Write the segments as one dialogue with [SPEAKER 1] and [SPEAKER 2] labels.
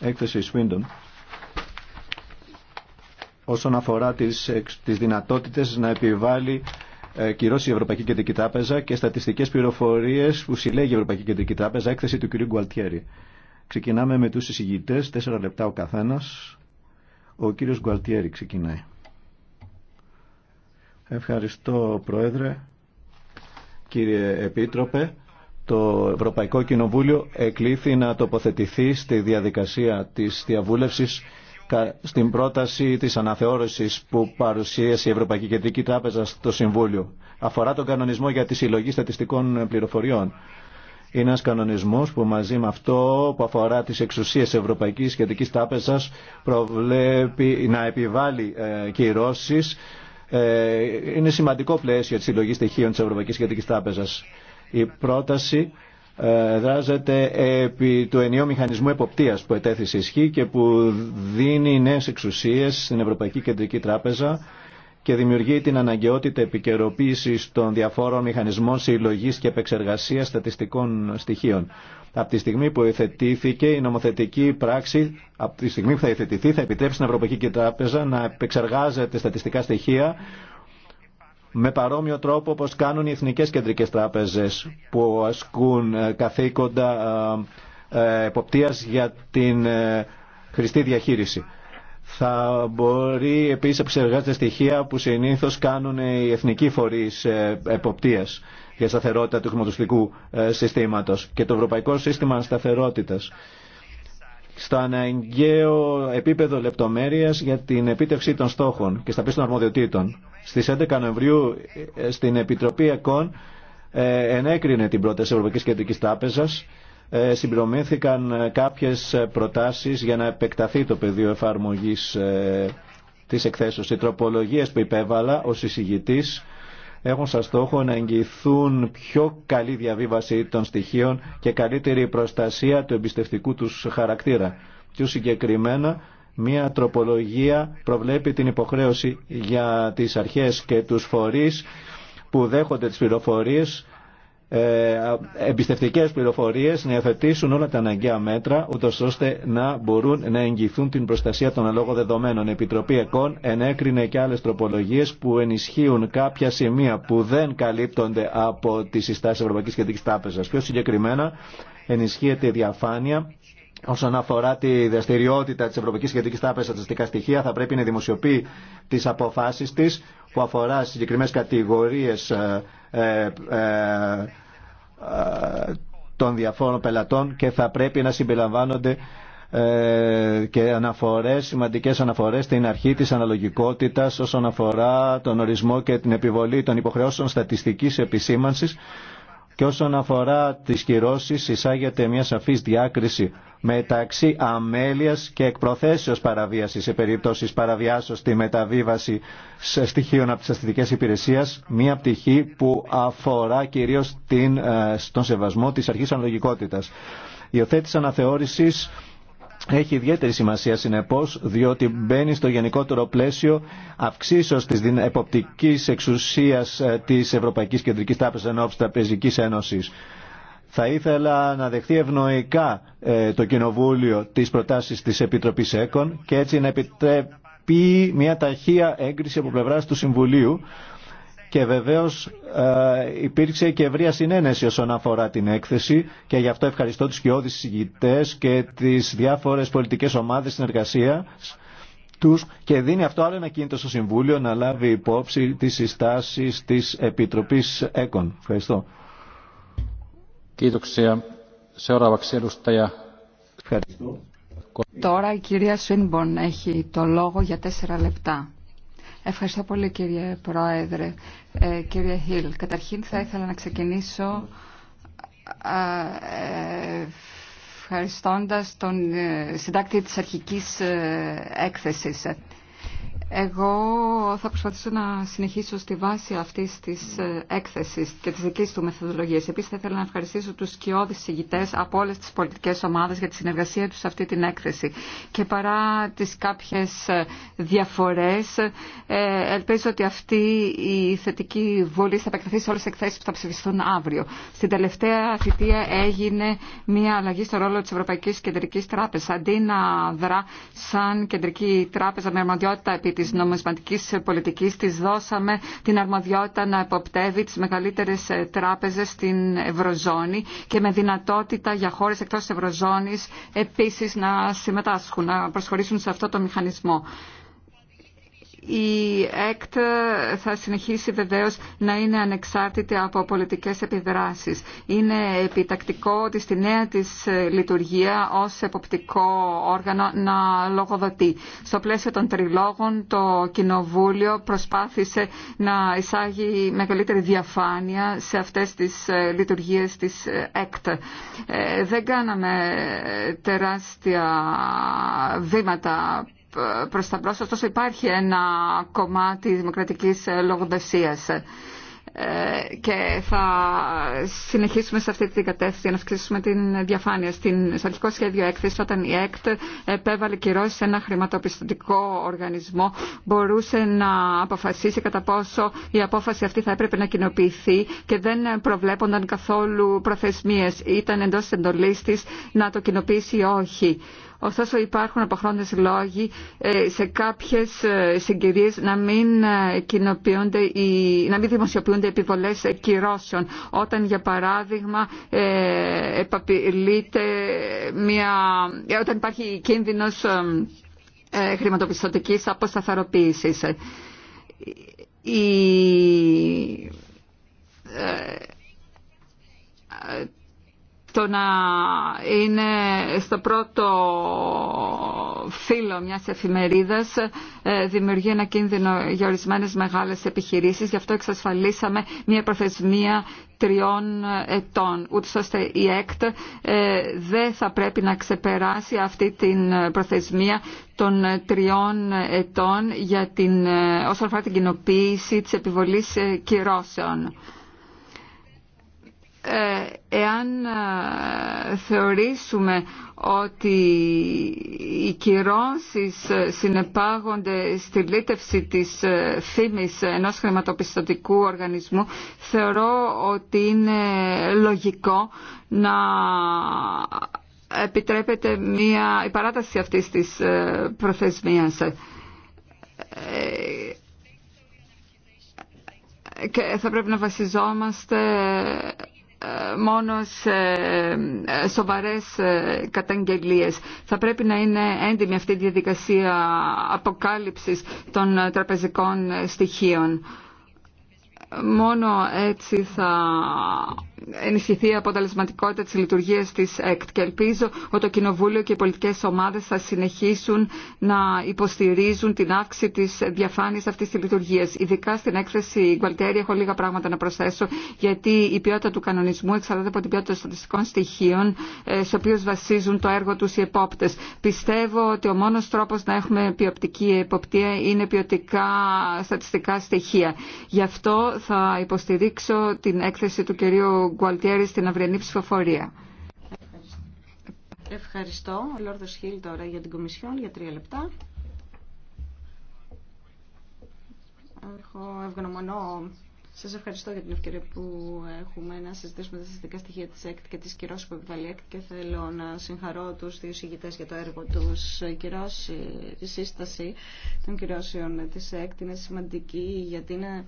[SPEAKER 1] έκθεση Σφίντον όσον αφορά τις, τις δυνατότητες να επιβάλλει ε, κυρώσει η Ευρωπαϊκή Κεντρική Τράπεζα και στατιστικές πληροφορίες που συλλέγει η Ευρωπαϊκή Κεντρική Τράπεζα, έκθεση του κ. Γκουαλτιέρη. Ξεκινάμε με τους εισηγητές, τέσσερα λεπτά ο καθένας. Ο κ. Γκουαλτιέρη ξεκινάει. Ευχαριστώ Πρόεδρε, κύριε Επίτροπε το Ευρωπαϊκό Κοινοβούλιο εκλήθη να τοποθετηθεί στη διαδικασία της διαβούλευσης στην πρόταση της αναθεώρησης που παρουσίασε η Ευρωπαϊκή Κεντρική Τράπεζα στο Συμβούλιο. Αφορά τον κανονισμό για τη συλλογή στατιστικών πληροφοριών. Είναι ένας κανονισμός που μαζί με αυτό που αφορά τις εξουσίες Ευρωπαϊκής Κεντρικής Τράπεζας προβλέπει να επιβάλλει ε, κυρώσεις. Ε, είναι σημαντικό πλαίσιο της συλλογής στοιχείων της Ευρωπαϊκής Κεντρικής Τράπεζας. Η πρόταση ε, δράζεται επί του ενιαίου μηχανισμού εποπτείας που σε ισχύ και που δίνει νέες εξουσίες στην Ευρωπαϊκή Κεντρική Τράπεζα και δημιουργεί την αναγκαιότητα επικαιροποίηση των διαφόρων μηχανισμών συλλογή και επεξεργασία στατιστικών στοιχείων. Από τη στιγμή που εθετήθηκε η νομοθετική πράξη, από τη στιγμή που θα εθετηθεί, θα επιτρέψει στην Ευρωπαϊκή Τράπεζα να επεξεργάζεται στατιστικά στοιχεία με παρόμοιο τρόπο όπως κάνουν οι εθνικές κεντρικές τράπεζες που ασκούν ε, καθήκοντα ε, ε, εποπτείας για την χρηστή διαχείριση. Θα μπορεί επίσης να στοιχεία που συνήθως κάνουν οι εθνικοί φορείς εποπτείας για σταθερότητα του χρηματοστικού συστήματος και το ευρωπαϊκό σύστημα σταθερότητας στο αναγκαίο επίπεδο λεπτομέρειας για την επίτευξη των στόχων και στα πίσω των αρμοδιοτήτων. Στις 11 Νοεμβρίου ε, στην Επιτροπή ΕΚΟΝ ε, ενέκρινε την πρόταση Ευρωπαϊκής Κεντρικής Τάπεζας. Ε, συμπληρωμήθηκαν κάποιες προτάσεις για να επεκταθεί το πεδίο εφαρμογής της εκθέσεως. Οι τροπολογίε που υπέβαλα ω εισηγητή έχουν σαν στόχο να εγγυηθούν πιο καλή διαβίβαση των στοιχείων και καλύτερη προστασία του εμπιστευτικού τους χαρακτήρα. Πιο συγκεκριμένα, μια τροπολογία προβλέπει την υποχρέωση για τις αρχές και τους φορείς που δέχονται τις πληροφορίες ε, εμπιστευτικές πληροφορίες, να υιοθετήσουν όλα τα αναγκαία μέτρα, ούτως ώστε να μπορούν να εγγυηθούν την προστασία των αλόγων δεδομένων. Η Επιτροπή ΕΚΟΝ ενέκρινε και άλλες τροπολογίες που ενισχύουν κάποια σημεία που δεν καλύπτονται από τις συστάσεις Ευρωπαϊκής Κεντρικής Τράπεζας. Πιο συγκεκριμένα, ενισχύεται η διαφάνεια Όσον αφορά τη δραστηριότητα τη Ευρωπαϊκή Κεντρική Τράπεζα, στατιστικά στοιχεία θα πρέπει να δημοσιοποιεί τι αποφάσει τη που αφορά συγκεκριμένε κατηγορίε ε, ε, ε των διαφόρων πελατών και θα πρέπει να συμπεριλαμβάνονται ε, και αναφορές, σημαντικές αναφορές στην αρχή της αναλογικότητας όσον αφορά τον ορισμό και την επιβολή των υποχρεώσεων στατιστικής επισήμανσης και όσον αφορά τις κυρώσεις εισάγεται μια σαφής διάκριση μεταξύ αμέλειας και εκπροθέσεως παραβίασης σε περίπτωσης παραβιάσεως στη μεταβίβαση σε στοιχείων από τις υπηρεσίες μια πτυχή που αφορά κυρίως την, ε, στον σεβασμό της αρχής αναλογικότητας. Η οθέτηση αναθεώρησης έχει ιδιαίτερη σημασία συνεπώς διότι μπαίνει στο γενικότερο πλαίσιο αυξήσεως της εποπτικής εξουσίας ε, της Ευρωπαϊκής Κεντρικής Τράπεζας της Τραπεζικής Ένωσης. Θα ήθελα να δεχθεί ευνοϊκά ε, το Κοινοβούλιο τις προτάσεις της Επιτροπής ΕΚΟΝ και έτσι να επιτρέπει μια ταχεία έγκριση από πλευράς του Συμβουλίου και βεβαίως ε, υπήρξε και ευρεία συνένεση όσον αφορά την έκθεση και γι' αυτό ευχαριστώ τους κοιόδης συγκητέ και τις διάφορες πολιτικές ομάδες συνεργασία τους και δίνει αυτό άλλο ένα κίνητο στο Συμβούλιο να λάβει υπόψη τις συστάσεις της Επιτροπής ΕΚΟΝ. Ευχαριστώ.
[SPEAKER 2] Ευχαριστώ.
[SPEAKER 3] Τώρα η κυρία Σουίνμπορν έχει το λόγο για τέσσερα λεπτά. Ευχαριστώ πολύ κύριε Πρόεδρε. Ε, κύριε Χίλ, καταρχήν θα ήθελα να ξεκινήσω ευχαριστώντας τον ε, συντάκτη της αρχικής ε, έκθεσης. Εγώ θα προσπαθήσω να συνεχίσω στη βάση αυτή τη ε, έκθεση και τη δική του μεθοδολογία. Επίση, θα ήθελα να ευχαριστήσω του σκιώδει συγητές από όλε τι πολιτικέ ομάδε για τη συνεργασία του σε αυτή την έκθεση. Και παρά τι κάποιε διαφορέ, ε, ελπίζω ότι αυτή η θετική βολή θα επεκταθεί σε όλες τι εκθέσεις που θα ψηφιστούν αύριο. Στην τελευταία θητεία έγινε μια αλλαγή στο ρόλο τη Ευρωπαϊκή Κεντρική Τράπεζα. Αντί να δρά σαν κεντρική τράπεζα με αρμοδιότητα επί της νομισματικής πολιτικής της δώσαμε την αρμοδιότητα να εποπτεύει τις μεγαλύτερες ε, τράπεζες στην Ευρωζώνη και με δυνατότητα για χώρες εκτός της Ευρωζώνης επίσης να συμμετάσχουν, να προσχωρήσουν σε αυτό το μηχανισμό η ΕΚΤ θα συνεχίσει βεβαίως να είναι ανεξάρτητη από πολιτικές επιδράσεις. Είναι επιτακτικό ότι στη νέα της λειτουργία ως εποπτικό όργανο να λογοδοτεί. Στο πλαίσιο των τριλόγων το Κοινοβούλιο προσπάθησε να εισάγει μεγαλύτερη διαφάνεια σε αυτές τις λειτουργίες της ΕΚΤ. Ε, δεν κάναμε τεράστια βήματα προς τα μπρος, ωστόσο υπάρχει ένα κομμάτι δημοκρατικής λογοδοσίας ε, και θα συνεχίσουμε σε αυτή την κατεύθυνση να αυξήσουμε την διαφάνεια. Στην, στο αρχικό σχέδιο έκθεση, όταν η ΕΚΤ επέβαλε κυρώσει σε ένα χρηματοπιστωτικό οργανισμό, μπορούσε να αποφασίσει κατά πόσο η απόφαση αυτή θα έπρεπε να κοινοποιηθεί και δεν προβλέπονταν καθόλου προθεσμίε. Ήταν εντό εντολή τη να το κοινοποιήσει ή όχι. Ωστόσο υπάρχουν αποχρόντες λόγοι ε, σε κάποιες ε, συγκυρίες να μην, ε, να μην δημοσιοποιούνται επιβολές κυρώσεων. Όταν για παράδειγμα μια, όταν υπάρχει κίνδυνος χρηματοπιστωτικής αποσταθεροποίησης το να είναι στο πρώτο φύλλο μιας εφημερίδας ε, δημιουργεί ένα κίνδυνο για ορισμένες μεγάλες επιχειρήσεις. Γι' αυτό εξασφαλίσαμε μια προθεσμία τριών ετών, ούτως ώστε η ΕΚΤ ε, δεν θα πρέπει να ξεπεράσει αυτή την προθεσμία των τριών ετών για την, ε, όσον αφορά την κοινοποίηση της επιβολής κυρώσεων. Ε, εάν ε, θεωρήσουμε ότι οι κυρώσεις ε, συνεπάγονται στη λύτευση της φήμης ενός χρηματοπιστωτικού οργανισμού θεωρώ ότι είναι λογικό να επιτρέπεται μια, η παράταση αυτής της προθεσμίας και θα πρέπει να βασιζόμαστε μόνο σε ε, σοβαρές ε, καταγγελίες. Θα πρέπει να είναι έντιμη αυτή η διαδικασία αποκάλυψης των ε, τραπεζικών στοιχείων. Μόνο έτσι θα ενισχυθεί η αποτελεσματικότητα της λειτουργίας της ΕΚΤ και ελπίζω ότι το Κοινοβούλιο και οι πολιτικές ομάδες θα συνεχίσουν να υποστηρίζουν την αύξηση της διαφάνειας αυτής της λειτουργίας. Ειδικά στην έκθεση Γκουαλτέρη έχω λίγα πράγματα να προσθέσω γιατί η ποιότητα του κανονισμού εξαρτάται από την ποιότητα των στατιστικών στοιχείων ε, στους οποίους βασίζουν το έργο τους οι επόπτες. Πιστεύω ότι ο μόνος τρόπος να έχουμε ποιοπτική εποπτεία είναι ποιοτικά στατιστικά στοιχεία. Γι' αυτό θα υποστηρίξω την έκθεση του κυρίου Γκουαλτιέρη στην αυριανή ψηφοφορία.
[SPEAKER 4] Ευχαριστώ. Ο Λόρδο Χίλ τώρα για την Κομισιόν για τρία λεπτά. Έχω ευγνωμονώ. Σα ευχαριστώ για την ευκαιρία που έχουμε να συζητήσουμε τα συστατικά στοιχεία τη ΕΚΤ και τη κυρώσης που επιβάλλει ΕΚΤ και θέλω να συγχαρώ του δύο συγγητές για το έργο του η σύσταση των κυρώσεων τη ΕΚΤ είναι σημαντική γιατί είναι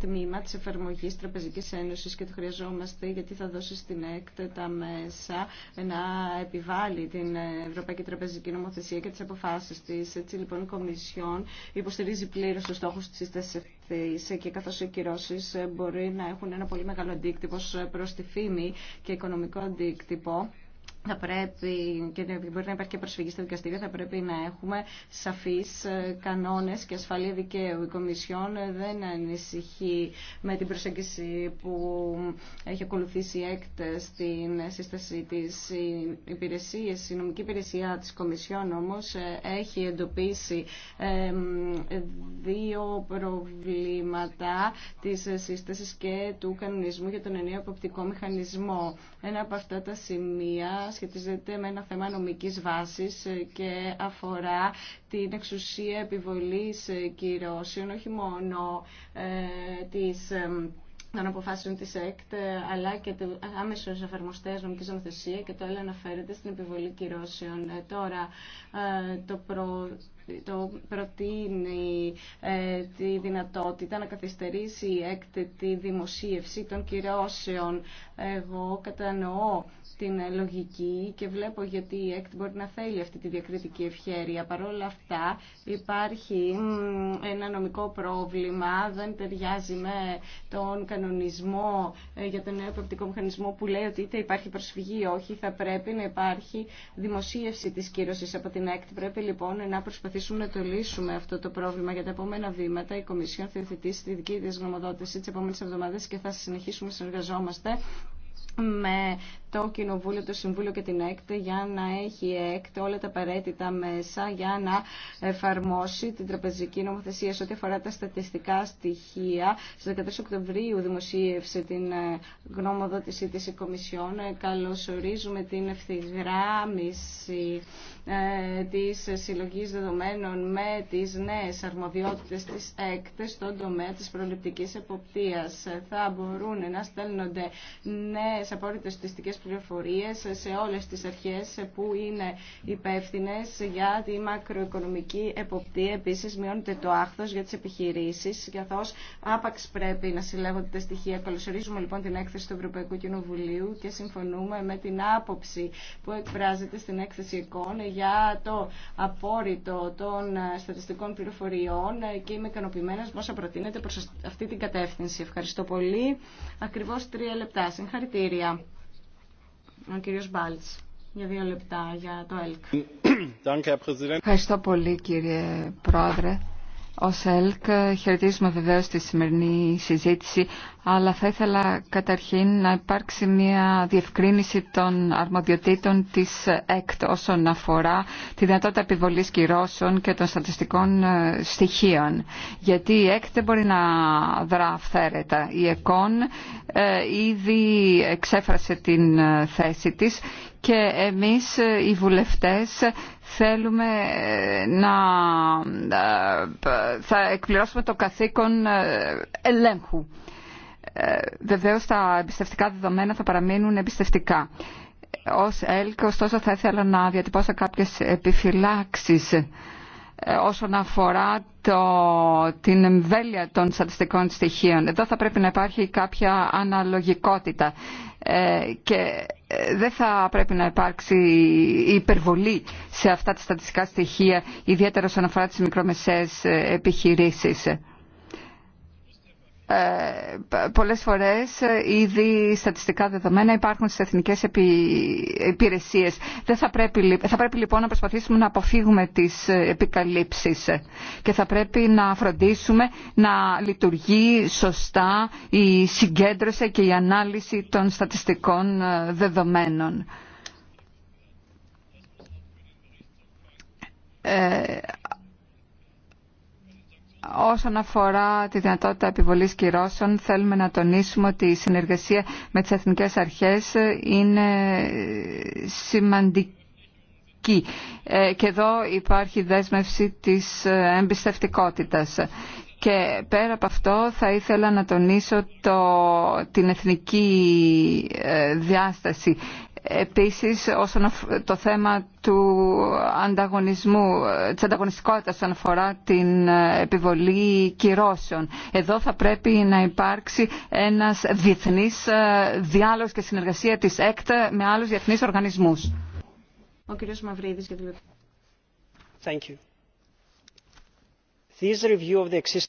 [SPEAKER 4] τμήμα της εφαρμογής Τραπεζικής Ένωσης και το χρειαζόμαστε γιατί θα δώσει στην ΕΚΤ τα μέσα να επιβάλλει την Ευρωπαϊκή Τραπεζική Νομοθεσία και τις αποφάσεις της. Έτσι λοιπόν η Κομισιόν υποστηρίζει πλήρως τους στόχους της ευθύς και καθώς οι κυρώσει μπορεί να έχουν ένα πολύ μεγάλο αντίκτυπο προς τη φήμη και οικονομικό αντίκτυπο θα πρέπει και μπορεί να υπάρχει και προσφυγή στα δικαστήριο, θα πρέπει να έχουμε σαφείς ε, κανόνες και ασφαλή δικαίου. Η Κομισιόν ε, δεν ανησυχεί με την προσέγγιση που έχει ακολουθήσει η ΕΚΤ στην σύσταση της υπηρεσίας. Η νομική υπηρεσία της Κομισιόν όμως ε, έχει εντοπίσει δύο προβλήματα της σύστασης και του κανονισμού για τον ενίο αποπτικό μηχανισμό. Ένα από αυτά τα σημεία σχετίζεται με ένα θέμα νομικής βάσης ε, και αφορά την εξουσία επιβολής ε, κυρώσεων, όχι μόνο ε, της των αποφάσεων της ΕΚΤ, αλλά και του άμεσου εφαρμοστέ νομική νομοθεσία και το άλλο αναφέρεται στην επιβολή κυρώσεων. Τώρα, το προ το προτείνει ε, τη δυνατότητα να καθυστερήσει η έκτετη δημοσίευση των κυρώσεων. Εγώ κατανοώ την λογική και βλέπω γιατί η ΕΚΤ μπορεί να θέλει αυτή τη διακριτική ευχέρεια. Παρ' όλα αυτά υπάρχει ένα νομικό πρόβλημα, δεν ταιριάζει με τον κανονισμό ε, για τον νέο προοπτικό μηχανισμό που λέει ότι είτε υπάρχει προσφυγή ή όχι, θα πρέπει να υπάρχει δημοσίευση της κύρωσης από την ΕΚΤ. Πρέπει λοιπόν να προσπαθήσουμε να το λύσουμε αυτό το πρόβλημα για τα επόμενα βήματα. Η Κομισιόν θα υιοθετήσει τη δική της γνωμοδότηση τις επόμενες εβδομάδες και θα συνεχίσουμε να συνεργαζόμαστε με το Κοινοβούλιο, το Συμβούλιο και την ΕΚΤ για να έχει η ΕΚΤ όλα τα απαραίτητα μέσα για να εφαρμόσει την τραπεζική νομοθεσία σε ό,τι αφορά τα στατιστικά στοιχεία. Στι 13 Οκτωβρίου δημοσίευσε την ε, γνώμοδότηση της Κομισιόν. Ε, καλωσορίζουμε την ευθυγράμμιση ε, της συλλογή δεδομένων με τις νέες αρμοδιότητες της ΕΚΤ στον τομέα της προληπτικής εποπτείας. Θα μπορούν να στέλνονται νέες απόρριτες πληροφορίες σε όλες τις αρχές που είναι υπεύθυνε για τη μακροοικονομική εποπτεία. Επίσης, μειώνεται το άχθος για τις επιχειρήσεις, καθώς άπαξ πρέπει να συλλέγονται τα στοιχεία. Καλωσορίζουμε λοιπόν την έκθεση του Ευρωπαϊκού Κοινοβουλίου και συμφωνούμε με την άποψη που εκφράζεται στην έκθεση εικόν για το απόρριτο των στατιστικών πληροφοριών και είμαι ικανοποιημένα με όσα προτείνεται προς αυτή την κατεύθυνση. Ευχαριστώ πολύ. Ακριβώς τρία λεπτά. Συγχαρητήρια. Ο κύριος για δύο λεπτά για το
[SPEAKER 2] ΕΛΚ. Ευχαριστώ
[SPEAKER 3] πολύ κύριε Πρόεδρε. Ως ΕΛΚ χαιρετίζουμε βεβαίως τη σημερινή συζήτηση, αλλά θα ήθελα καταρχήν να υπάρξει μια διευκρίνηση των αρμοδιοτήτων της ΕΚΤ όσον αφορά τη δυνατότητα επιβολής κυρώσεων και των στατιστικών ε, στοιχείων. Γιατί η ΕΚΤ δεν μπορεί να δρά αυθαίρετα. Η ΕΚΟΝ ε, ήδη εξέφρασε την ε, θέση της και εμείς ε, οι βουλευτές θέλουμε ε, να ε, θα εκπληρώσουμε το καθήκον ελέγχου. Βεβαίως τα εμπιστευτικά δεδομένα θα παραμείνουν εμπιστευτικά. Ως ΕΛΚ ωστόσο θα ήθελα να διατυπώσω κάποιες επιφυλάξεις όσον αφορά το, την εμβέλεια των στατιστικών στοιχείων. Εδώ θα πρέπει να υπάρχει κάποια αναλογικότητα. Ε, και ε, δεν θα πρέπει να υπάρξει υπερβολή σε αυτά τα στατιστικά στοιχεία, ιδιαίτερα όσον αφορά τις μικρομεσαίες ε, επιχειρήσεις. Ε, πολλές φορές ε, ήδη στατιστικά δεδομένα υπάρχουν στις εθνικές υπηρεσίες. Δεν θα, πρέπει, θα πρέπει λοιπόν να προσπαθήσουμε να αποφύγουμε τις ε, επικαλύψεις και θα πρέπει να φροντίσουμε να λειτουργεί σωστά η συγκέντρωση και η ανάλυση των στατιστικών δεδομένων. Όσον αφορά τη δυνατότητα επιβολής κυρώσεων, θέλουμε να τονίσουμε ότι η συνεργασία με τις εθνικές αρχές είναι σημαντική. Ε, και εδώ υπάρχει δέσμευση της ε, εμπιστευτικότητας. Και πέρα από αυτό θα ήθελα να τονίσω το, την εθνική ε, διάσταση. Επίσης, όσον το θέμα του ανταγωνισμού, της ανταγωνιστικότητας όσον αφορά την ε, επιβολή κυρώσεων. Εδώ θα πρέπει να υπάρξει ένας διεθνής ε, διάλογος και συνεργασία της ΕΚΤ με άλλους διεθνείς οργανισμούς.
[SPEAKER 4] Ο κ. Μαυρίδης για Thank you.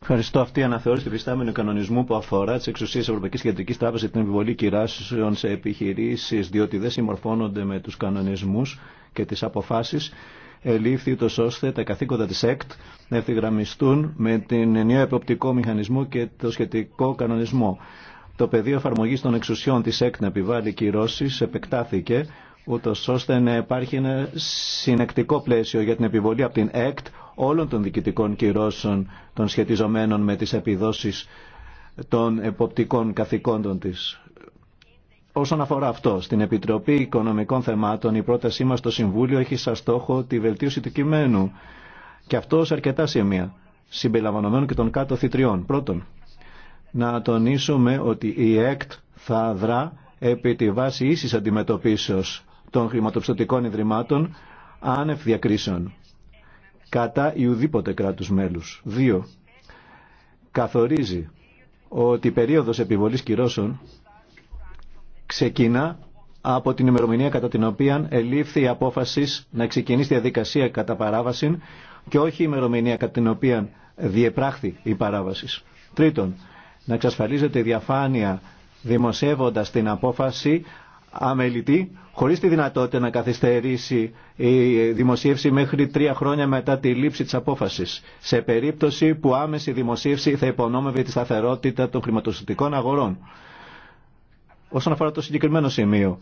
[SPEAKER 1] Ευχαριστώ. Αυτή η αναθεώρηση του πιστάμενου κανονισμού που αφορά τι εξουσίε Ευρωπαϊκή Κεντρική Τράπεζα και την επιβολή κυράσεων σε επιχειρήσει, διότι δεν συμμορφώνονται με του κανονισμού και τι αποφάσει, ελήφθη ούτω ώστε τα καθήκοντα τη ΕΚΤ να ευθυγραμμιστούν με την ενιαία εποπτικό μηχανισμό και το σχετικό κανονισμό. Το πεδίο εφαρμογή των εξουσιών τη ΕΚΤ να επιβάλλει κυρώσει επεκτάθηκε ούτω ώστε να υπάρχει ένα συνεκτικό πλαίσιο για την επιβολή από την ΕΚΤ όλων των διοικητικών κυρώσεων των σχετιζομένων με τις επιδόσεις των εποπτικών καθηκόντων της. Όσον αφορά αυτό, στην Επιτροπή Οικονομικών Θεμάτων η πρότασή μας στο Συμβούλιο έχει σαν στόχο τη βελτίωση του κειμένου και αυτό σε αρκετά σημεία, συμπεριλαμβανομένων και των κάτω θητριών. Πρώτον, να τονίσουμε ότι η ΕΚΤ θα δρά επί τη βάση ίσης αντιμετωπίσεως των χρηματοπιστωτικών ιδρυμάτων άνευ διακρίσεων κατά ιουδήποτε κράτους μέλους. 2. Καθορίζει ότι η περίοδος επιβολής κυρώσεων ξεκινά από την ημερομηνία κατά την οποία ελήφθη η απόφαση να ξεκινήσει η διαδικασία κατά παράβαση και όχι η ημερομηνία κατά την οποία διεπράχθη η παράβαση. Τρίτον, να εξασφαλίζεται η διαφάνεια δημοσιεύοντας την απόφαση αμελητή, χωρίς τη δυνατότητα να καθυστερήσει η δημοσίευση μέχρι τρία χρόνια μετά τη λήψη της απόφασης, σε περίπτωση που άμεση δημοσίευση θα υπονόμευε τη σταθερότητα των χρηματοσυντικών αγορών. Όσον αφορά το συγκεκριμένο σημείο,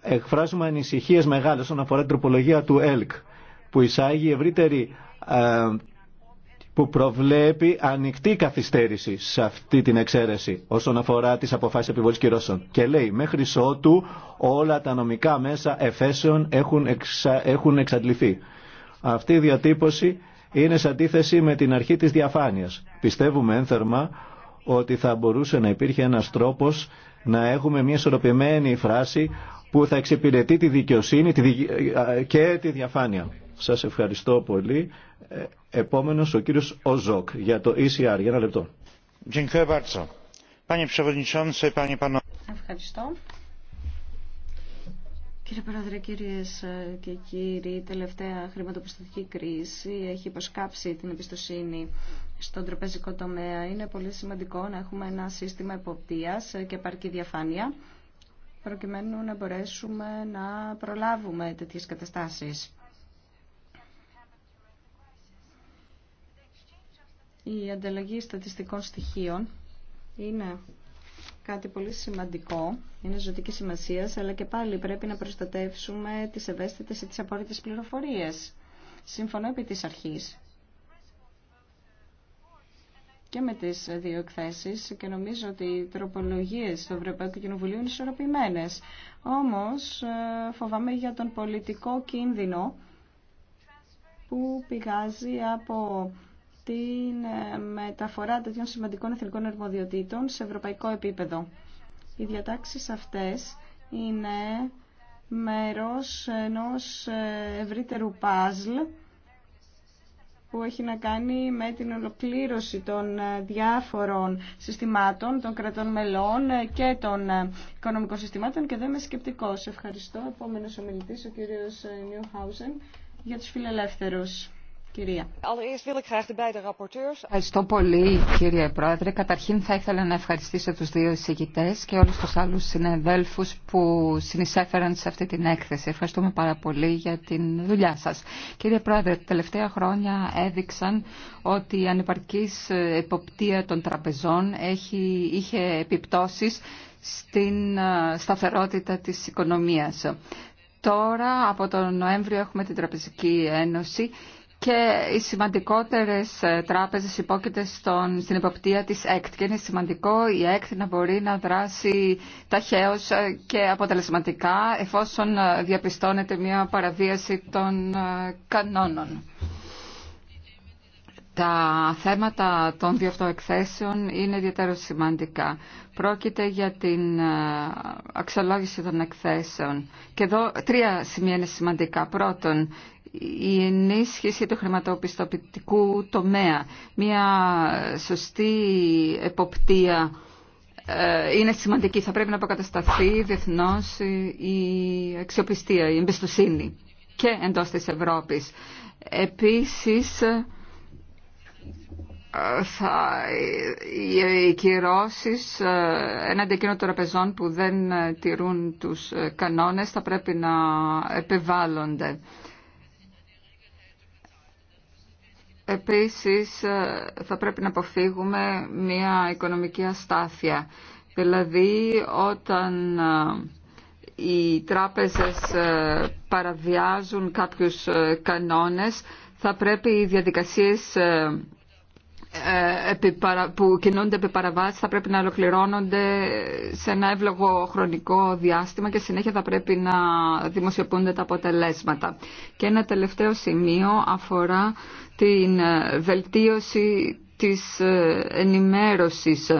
[SPEAKER 1] εκφράζουμε ανησυχίες μεγάλες όσον αφορά την τροπολογία του ΕΛΚ, που εισάγει ευρύτερη ε, που προβλέπει ανοιχτή καθυστέρηση σε αυτή την εξαίρεση όσον αφορά τι αποφάσει επιβολή κυρώσεων. Και λέει, μέχρι ότου όλα τα νομικά μέσα εφέσεων έχουν, έχουν εξαντληθεί. Αυτή η διατύπωση είναι σε αντίθεση με την αρχή της διαφάνειας. Πιστεύουμε ένθερμα ότι θα μπορούσε να υπήρχε ένας τρόπος να έχουμε μια ισορροπημένη φράση που θα εξυπηρετεί τη δικαιοσύνη και τη διαφάνεια. Σας ευχαριστώ πολύ. Ε, επόμενος ο κύριος Οζόκ για το ECR. Για ένα λεπτό.
[SPEAKER 4] Ευχαριστώ. Κύριε Πρόεδρε, κύριε ε, και κύριοι, η τελευταία χρηματοπιστωτική κρίση έχει υποσκάψει την εμπιστοσύνη στον τροπεζικό τομέα. Είναι πολύ σημαντικό να έχουμε ένα σύστημα εποπτείας και επαρκή διαφάνεια, προκειμένου να μπορέσουμε να προλάβουμε τέτοιες καταστάσεις. Η ανταλλαγή στατιστικών στοιχείων είναι κάτι πολύ σημαντικό, είναι ζωτική σημασία, αλλά και πάλι πρέπει να προστατεύσουμε τις ευαίσθητες ή τις απόρριτες πληροφορίες. Συμφωνώ επί της αρχής και με τις δύο εκθέσεις και νομίζω ότι οι τροπολογίες του Ευρωπαϊκού Κοινοβουλίου είναι ισορροπημένες. Όμως ε, φοβάμαι για τον πολιτικό κίνδυνο που πηγάζει από την ε, μεταφορά τέτοιων σημαντικών εθνικών αρμοδιοτήτων σε ευρωπαϊκό επίπεδο. Οι διατάξεις αυτές είναι μέρος ενός ε, ευρύτερου παζλ που έχει να κάνει με την ολοκλήρωση των ε, διάφορων συστημάτων, των κρατών μελών και των οικονομικών συστημάτων και δεν είμαι σκεπτικός. Ευχαριστώ. Επόμενος ομιλητής, ο κύριος Νιουχάουζεν για τους φιλελεύθερους.
[SPEAKER 3] Ευχαριστώ πολύ κύριε Πρόεδρε. Καταρχήν θα ήθελα να ευχαριστήσω τους δύο εισηγητές και όλους τους άλλους συνεδέλφους που συνεισέφεραν σε αυτή την έκθεση. Ευχαριστούμε πάρα πολύ για την δουλειά σας. Κύριε Πρόεδρε, τα τελευταία χρόνια έδειξαν ότι η ανεπαρκής εποπτεία των τραπεζών έχει, είχε επιπτώσεις στην σταθερότητα της οικονομίας. Τώρα από τον Νοέμβριο έχουμε την Τραπεζική Ένωση και οι σημαντικότερες ε, τράπεζες υπόκειται στον, στην εποπτεία της ΕΚΤ και είναι σημαντικό η ΕΚΤ να μπορεί να δράσει ταχαίως ε, και αποτελεσματικά εφόσον ε, διαπιστώνεται μια παραβίαση των κανόνων. Τα θέματα των δύο εκθέσεων είναι ιδιαίτερα σημαντικά. Πρόκειται για την αξιολόγηση των εκθέσεων. Και εδώ τρία σημεία είναι σημαντικά. Πρώτον, η ενίσχυση του χρηματοπιστωτικού τομέα, μια σωστή εποπτεία ε, είναι σημαντική. Θα πρέπει να αποκατασταθεί διεθνώς η αξιοπιστία, η εμπιστοσύνη και εντός της Ευρώπης. Επίσης, ε, θα, οι ε, κυρώσει έναντι εκείνων των τραπεζών που δεν τηρούν τους κανόνες θα πρέπει να επιβάλλονται. Επίσης ε, θα πρέπει να αποφύγουμε μια οικονομική αστάθεια. Δηλαδή όταν ε, οι τράπεζες ε, παραβιάζουν κάποιους κανόνες θα πρέπει οι διαδικασίες ε, που κινούνται επί παραβάση θα πρέπει να ολοκληρώνονται σε ένα εύλογο χρονικό διάστημα και συνέχεια θα πρέπει να δημοσιοποιούνται τα αποτελέσματα. Και ένα τελευταίο σημείο αφορά την ε, βελτίωση της ε, ενημέρωσης.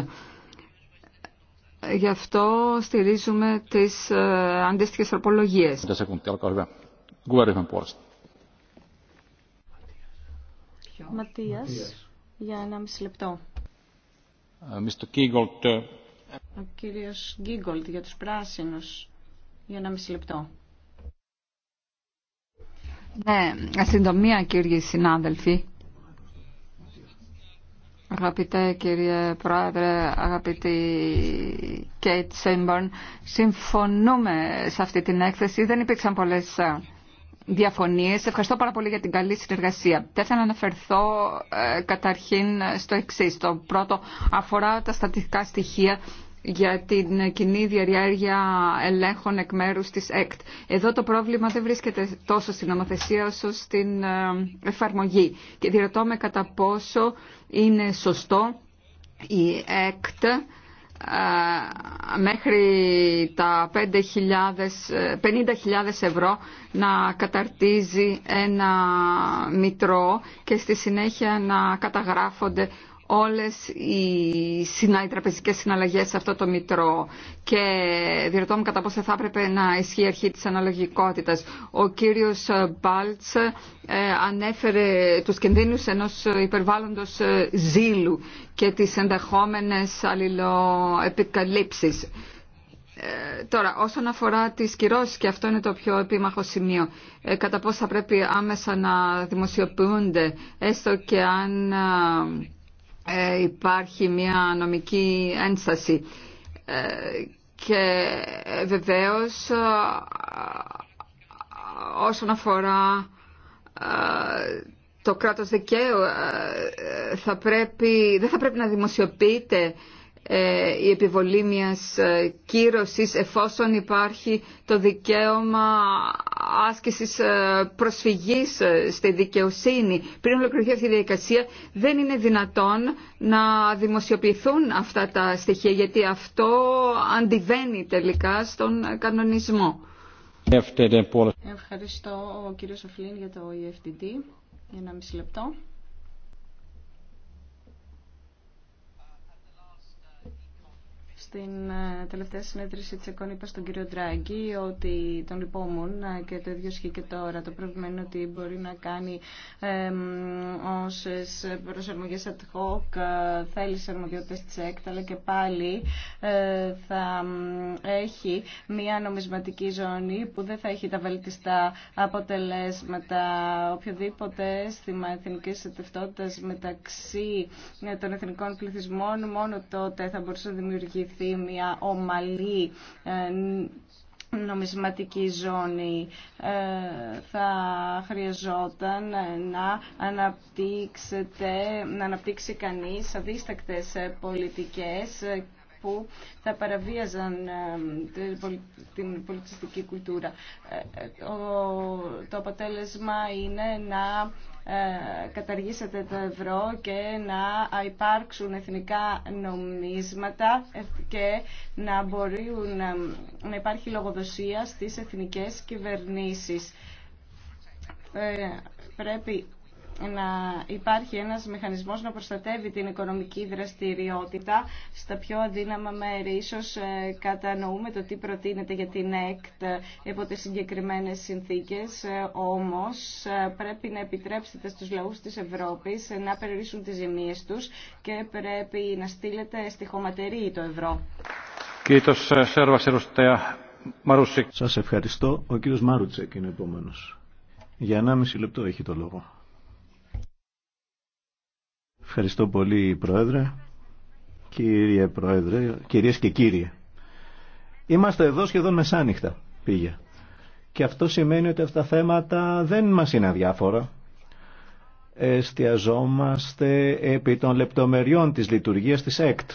[SPEAKER 3] Γι' αυτό στηρίζουμε τις αντίστοιχες τροπολογίες.
[SPEAKER 4] Ματίας για ένα μισή λεπτό.
[SPEAKER 2] Ε, ε.
[SPEAKER 4] Ο κύριος Γκίγκολτ για τους πράσινους για ένα μισή λεπτό.
[SPEAKER 3] Ναι, συντομία κύριοι συνάδελφοι. Αγαπητέ κύριε Πρόεδρε, αγαπητή Κέιτ Σέιμπορν, συμφωνούμε σε αυτή την έκθεση. Δεν υπήρξαν πολλές Ευχαριστώ πάρα πολύ για την καλή συνεργασία. Θα ήθελα να αναφερθώ ε, καταρχήν στο εξή. Το πρώτο αφορά τα στατιστικά στοιχεία για την κοινή διαριέργεια ελέγχων εκ μέρους της ΕΚΤ. Εδώ το πρόβλημα δεν βρίσκεται τόσο στην νομοθεσία όσο στην ε, εφαρμογή. Και διερωτώ με κατά πόσο είναι σωστό η ΕΚΤ ε, μέχρι τα 50.000 ευρώ να καταρτίζει ένα μητρό και στη συνέχεια να καταγράφονται όλες οι, συνά, οι τραπεζικές συναλλαγές σε αυτό το μητρό και διερωτώ κατά πόσο θα έπρεπε να ισχύει η αρχή της αναλογικότητας. Ο κύριος Μπάλτς ε, ανέφερε τους κινδύνους ενός υπερβάλλοντος ε, ζήλου και τις ενδεχόμενες αλληλοεπικαλύψεις. Ε, τώρα, όσον αφορά τι κυρώσει, και αυτό είναι το πιο επίμαχο σημείο, ε, κατά πόσο θα πρέπει άμεσα να δημοσιοποιούνται, έστω και αν ε, υπάρχει μια νομική ένσταση ε, και ε, βεβαίως ε, όσον αφορά το κράτος δικαίου θα πρέπει, δεν θα πρέπει να δημοσιοποιείται ε, η επιβολή μιας ε, κύρωσης εφόσον υπάρχει το δικαίωμα άσκησης ε, προσφυγής στη δικαιοσύνη. Πριν ολοκληρωθεί αυτή η διαδικασία δεν είναι δυνατόν να δημοσιοποιηθούν αυτά τα στοιχεία γιατί αυτό αντιβαίνει τελικά στον κανονισμό.
[SPEAKER 4] Ευχαριστώ ο κύριος Σοφλίν για το EFTD για ένα μισή λεπτό. Στην ε, τελευταία συνέδριση τη ΕΚΟΝ είπα στον κύριο Ντράγκη ότι τον λυπόμουν ε, και το ίδιο ισχύει και τώρα. Το πρόβλημα είναι ότι μπορεί να κάνει όσε προσαρμογέ ad hoc ε, θέλει σε αρμοδιότητε τη ΕΚΤ, αλλά και πάλι θα έχει μια νομισματική ζώνη που δεν θα έχει τα βελτιστά αποτελέσματα. Οποιοδήποτε αίσθημα εθνική μεταξύ των εθνικών πληθυσμών μόνο τότε θα μπορούσε να δημιουργηθεί ή μια ομαλή ε, νομισματική ζώνη ε, θα χρειαζόταν να αναπτύξετε, να αναπτύξει κανείς αδίστακτες πολιτικές που θα παραβίαζαν ε, την πολιτιστική κουλτούρα. Το αποτέλεσμα είναι να ε, καταργήσετε το ευρώ και να υπάρξουν εθνικά νομίσματα και να μπορούν ε, να υπάρχει λογοδοσία στις εθνικές κυβερνήσεις. Ε, πρέπει να υπάρχει ένας μηχανισμός να προστατεύει την οικονομική δραστηριότητα στα πιο αδύναμα μέρη. Ίσως ε, κατανοούμε το τι προτείνεται για την ΕΚΤ υπό τις συγκεκριμένες συνθήκες, ε, όμως ε, πρέπει να επιτρέψετε στους λαούς της Ευρώπης να περιορίσουν τις ζημίες τους και πρέπει να στείλετε στη χωματερή το ευρώ.
[SPEAKER 1] Σας ευχαριστώ. Ο κύριος Μάρουτσεκ είναι επόμενος. Για 1,5 λεπτό έχει το λόγο. Ευχαριστώ πολύ, Πρόεδρε. Κύριε Πρόεδρε, κυρίες και κύριοι. Είμαστε εδώ σχεδόν μεσάνυχτα, πήγε. Και αυτό σημαίνει ότι αυτά τα θέματα δεν μας είναι αδιάφορα. Εστιαζόμαστε επί των λεπτομεριών της λειτουργίας της ΕΚΤ.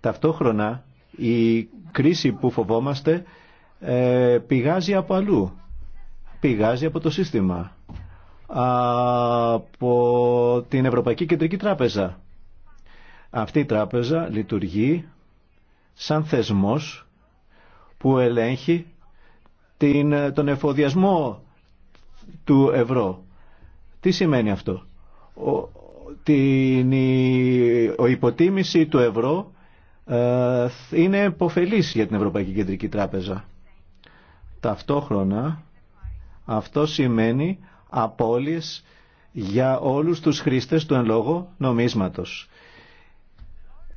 [SPEAKER 1] Ταυτόχρονα η κρίση που φοβόμαστε ε, πηγάζει από αλλού. Πηγάζει από το σύστημα από την Ευρωπαϊκή Κεντρική Τράπεζα. Αυτή η τράπεζα λειτουργεί σαν θεσμός που ελέγχει την, τον εφοδιασμό του ευρώ. Τι σημαίνει αυτό. Ο, την, η υποτίμηση του ευρώ ε, είναι υποφελής για την Ευρωπαϊκή Κεντρική Τράπεζα. Ταυτόχρονα αυτό σημαίνει απώλειες για όλους τους χρήστες του εν λόγω νομίσματος.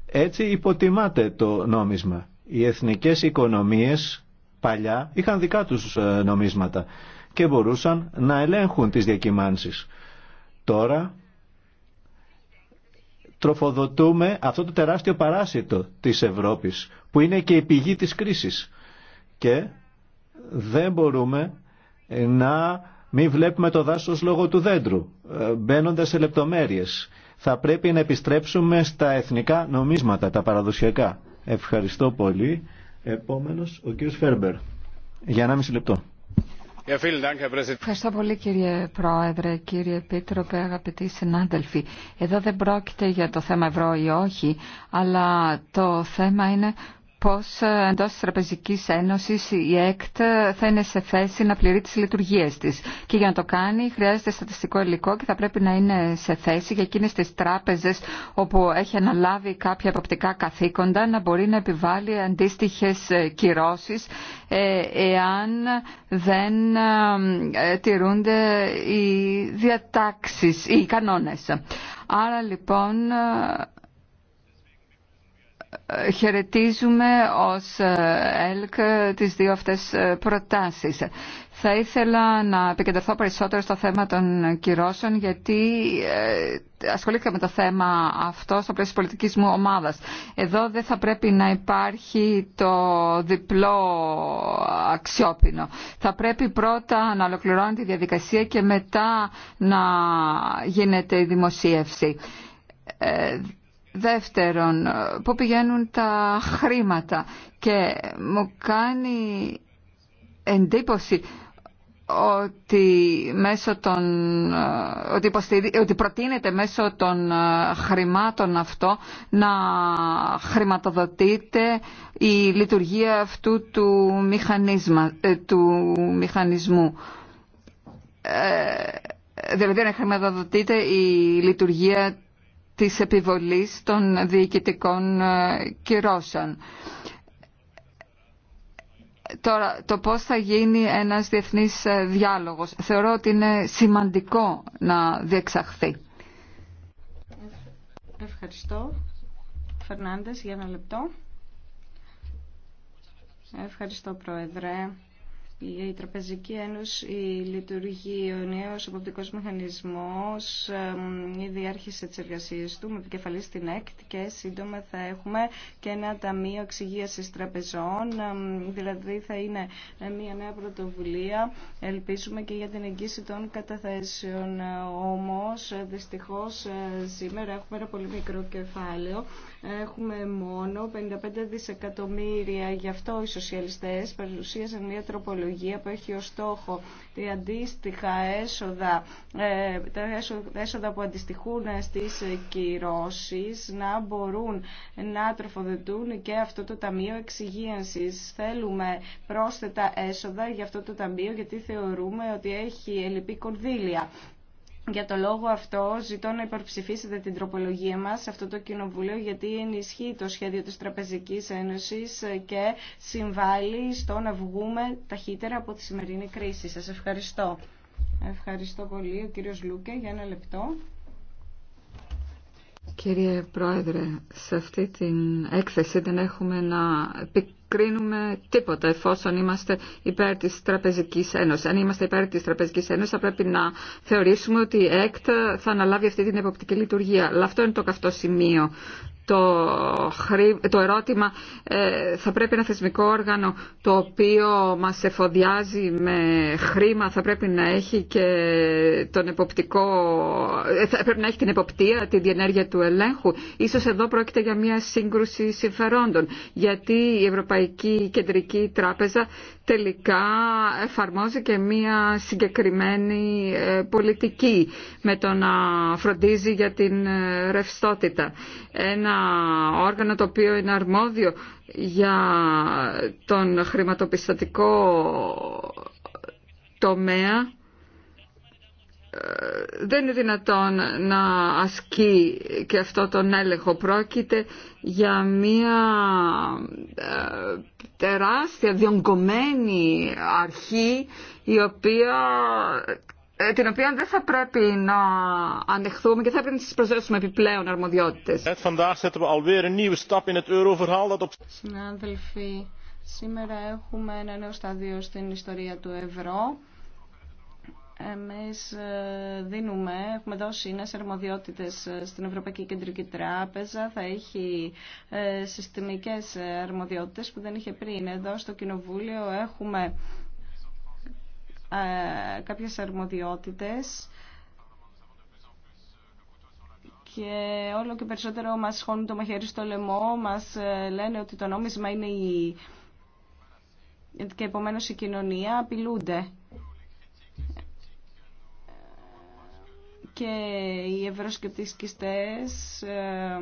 [SPEAKER 1] Έτσι υποτιμάται το νόμισμα. Οι εθνικές οικονομίες παλιά είχαν δικά τους ε, νομίσματα και μπορούσαν να ελέγχουν τις διακυμάνσεις. Τώρα τροφοδοτούμε αυτό το τεράστιο παράσιτο της Ευρώπης που είναι και η πηγή της κρίσης και δεν μπορούμε να μη βλέπουμε το δάσος λόγω του δέντρου, ε, μπαίνοντα σε λεπτομέρειες. Θα πρέπει να επιστρέψουμε στα εθνικά νομίσματα, τα παραδοσιακά. Ευχαριστώ πολύ. Επόμενος, ο κύριος Φέρμπερ. Για 1,5 λεπτό.
[SPEAKER 3] Ευχαριστώ πολύ κύριε Πρόεδρε, κύριε Επίτροπε, αγαπητοί συνάδελφοι. Εδώ δεν πρόκειται για το θέμα ευρώ ή όχι, αλλά το θέμα είναι πώς ε, εντός της Τραπεζικής Ένωσης η ΕΚΤ ε, θα είναι σε θέση να πληρεί τις λειτουργίες της. Και για να το κάνει χρειάζεται στατιστικό υλικό και θα πρέπει να είναι σε θέση για εκείνες τις τράπεζες όπου έχει αναλάβει κάποια αποπτικά καθήκοντα να μπορεί να επιβάλλει αντίστοιχες ε, κυρώσεις εάν δεν τηρούνται οι διατάξεις, οι κανόνες. Άρα λοιπόν χαιρετίζουμε ως ε, ΕΛΚ τις δύο αυτές ε, προτάσεις. Θα ήθελα να επικεντρωθώ περισσότερο στο θέμα των κυρώσεων γιατί ε, ασχολήθηκα με το θέμα αυτό στο πλαίσιο πολιτικής μου ομάδας. Εδώ δεν θα πρέπει να υπάρχει το διπλό αξιόπινο. Θα πρέπει πρώτα να ολοκληρώνει τη διαδικασία και μετά να γίνεται η δημοσίευση Δεύτερον, ε, πού πηγαίνουν τα χρήματα και μου κάνει εντύπωση ότι, μέσω των, ε, ότι, προτείνεται μέσω των ε, χρημάτων αυτό να χρηματοδοτείται η λειτουργία αυτού του, μηχανίσμα, του μηχανισμού. Ε, δηλαδή να χρηματοδοτείται η λειτουργία της επιβολής των διοικητικών ε, κυρώσεων. Τώρα, το πώς θα γίνει ένας διεθνής ε, διάλογος. Θεωρώ ότι είναι σημαντικό να διεξαχθεί.
[SPEAKER 4] Ευχαριστώ. Φερνάντες, για ένα λεπτό. Ευχαριστώ, Πρόεδρε η Τραπεζική Ένωση λειτουργεί ο νέος εποπτικός μηχανισμός ήδη άρχισε τις εργασίες του με επικεφαλή στην ΕΚΤ και σύντομα θα έχουμε και ένα ταμείο εξυγίασης τραπεζών δηλαδή θα είναι μια νέα πρωτοβουλία ελπίζουμε και για την εγγύηση των καταθέσεων όμως δυστυχώς ε, σήμερα έχουμε ένα πολύ μικρό κεφάλαιο έχουμε μόνο 55 δισεκατομμύρια. Γι' αυτό οι σοσιαλιστές παρουσίασαν μια τροπολογία που έχει ως στόχο τη αντίστοιχα ε, έσοδα, τα έσοδα που αντιστοιχούν στις κυρώσεις να μπορούν να τροφοδοτούν και αυτό το Ταμείο Εξυγίανσης. Θέλουμε πρόσθετα έσοδα για αυτό το Ταμείο γιατί θεωρούμε ότι έχει ελλειπή κονδύλια. Για το λόγο αυτό ζητώ να υπερψηφίσετε την τροπολογία μας σε αυτό το κοινοβούλιο γιατί ενισχύει το σχέδιο της Τραπεζικής Ένωσης και συμβάλλει στο να βγούμε ταχύτερα από τη σημερινή κρίση. Σας ευχαριστώ. Ευχαριστώ πολύ ο κύριος Λούκε για ένα λεπτό.
[SPEAKER 3] Κύριε Πρόεδρε, σε αυτή την έκθεση δεν έχουμε να κρίνουμε τίποτα εφόσον είμαστε υπέρ της Τραπεζικής Ένωσης. Αν είμαστε υπέρ της Τραπεζικής Ένωσης θα πρέπει να θεωρήσουμε ότι η ΕΚΤ θα αναλάβει αυτή την εποπτική λειτουργία. Αλλά αυτό είναι το καυτό σημείο το, το ερώτημα ε, θα πρέπει ένα θεσμικό όργανο το οποίο μας εφοδιάζει με χρήμα θα πρέπει να έχει και τον εποπτικό, ε, θα πρέπει να έχει την εποπτεία, τη διενέργεια του ελέγχου. Ίσως εδώ πρόκειται για μια σύγκρουση συμφερόντων γιατί η Ευρωπαϊκή Κεντρική Τράπεζα τελικά εφαρμόζει και μία συγκεκριμένη ε, πολιτική με το να φροντίζει για την ε, ρευστότητα. Ένα όργανο το οποίο είναι αρμόδιο για τον χρηματοπιστωτικό τομέα δεν είναι δυνατόν να ασκεί και αυτό τον έλεγχο. Πρόκειται για μια ε, τεράστια διονγκωμένη αρχή η οποία ε, την οποία δεν θα πρέπει να ανεχθούμε και θα πρέπει να τις προσθέσουμε επιπλέον αρμοδιότητες.
[SPEAKER 4] Συνάδελφοι, σήμερα έχουμε ένα νέο στάδιο στην ιστορία του ευρώ. Εμείς ε, δίνουμε, έχουμε δώσει νέες αρμοδιότητες ε, στην Ευρωπαϊκή Κεντρική Τράπεζα, θα έχει ε, συστημικές αρμοδιότητες που δεν είχε πριν. Εδώ στο Κοινοβούλιο έχουμε κάποιες αρμοδιότητες και όλο και περισσότερο μας χώνουν το μαχαίρι στο λαιμό, μας λένε ότι το νόμισμα είναι η... και επομένως η κοινωνία απειλούνται. και οι ευρωσκεπτικιστές ε,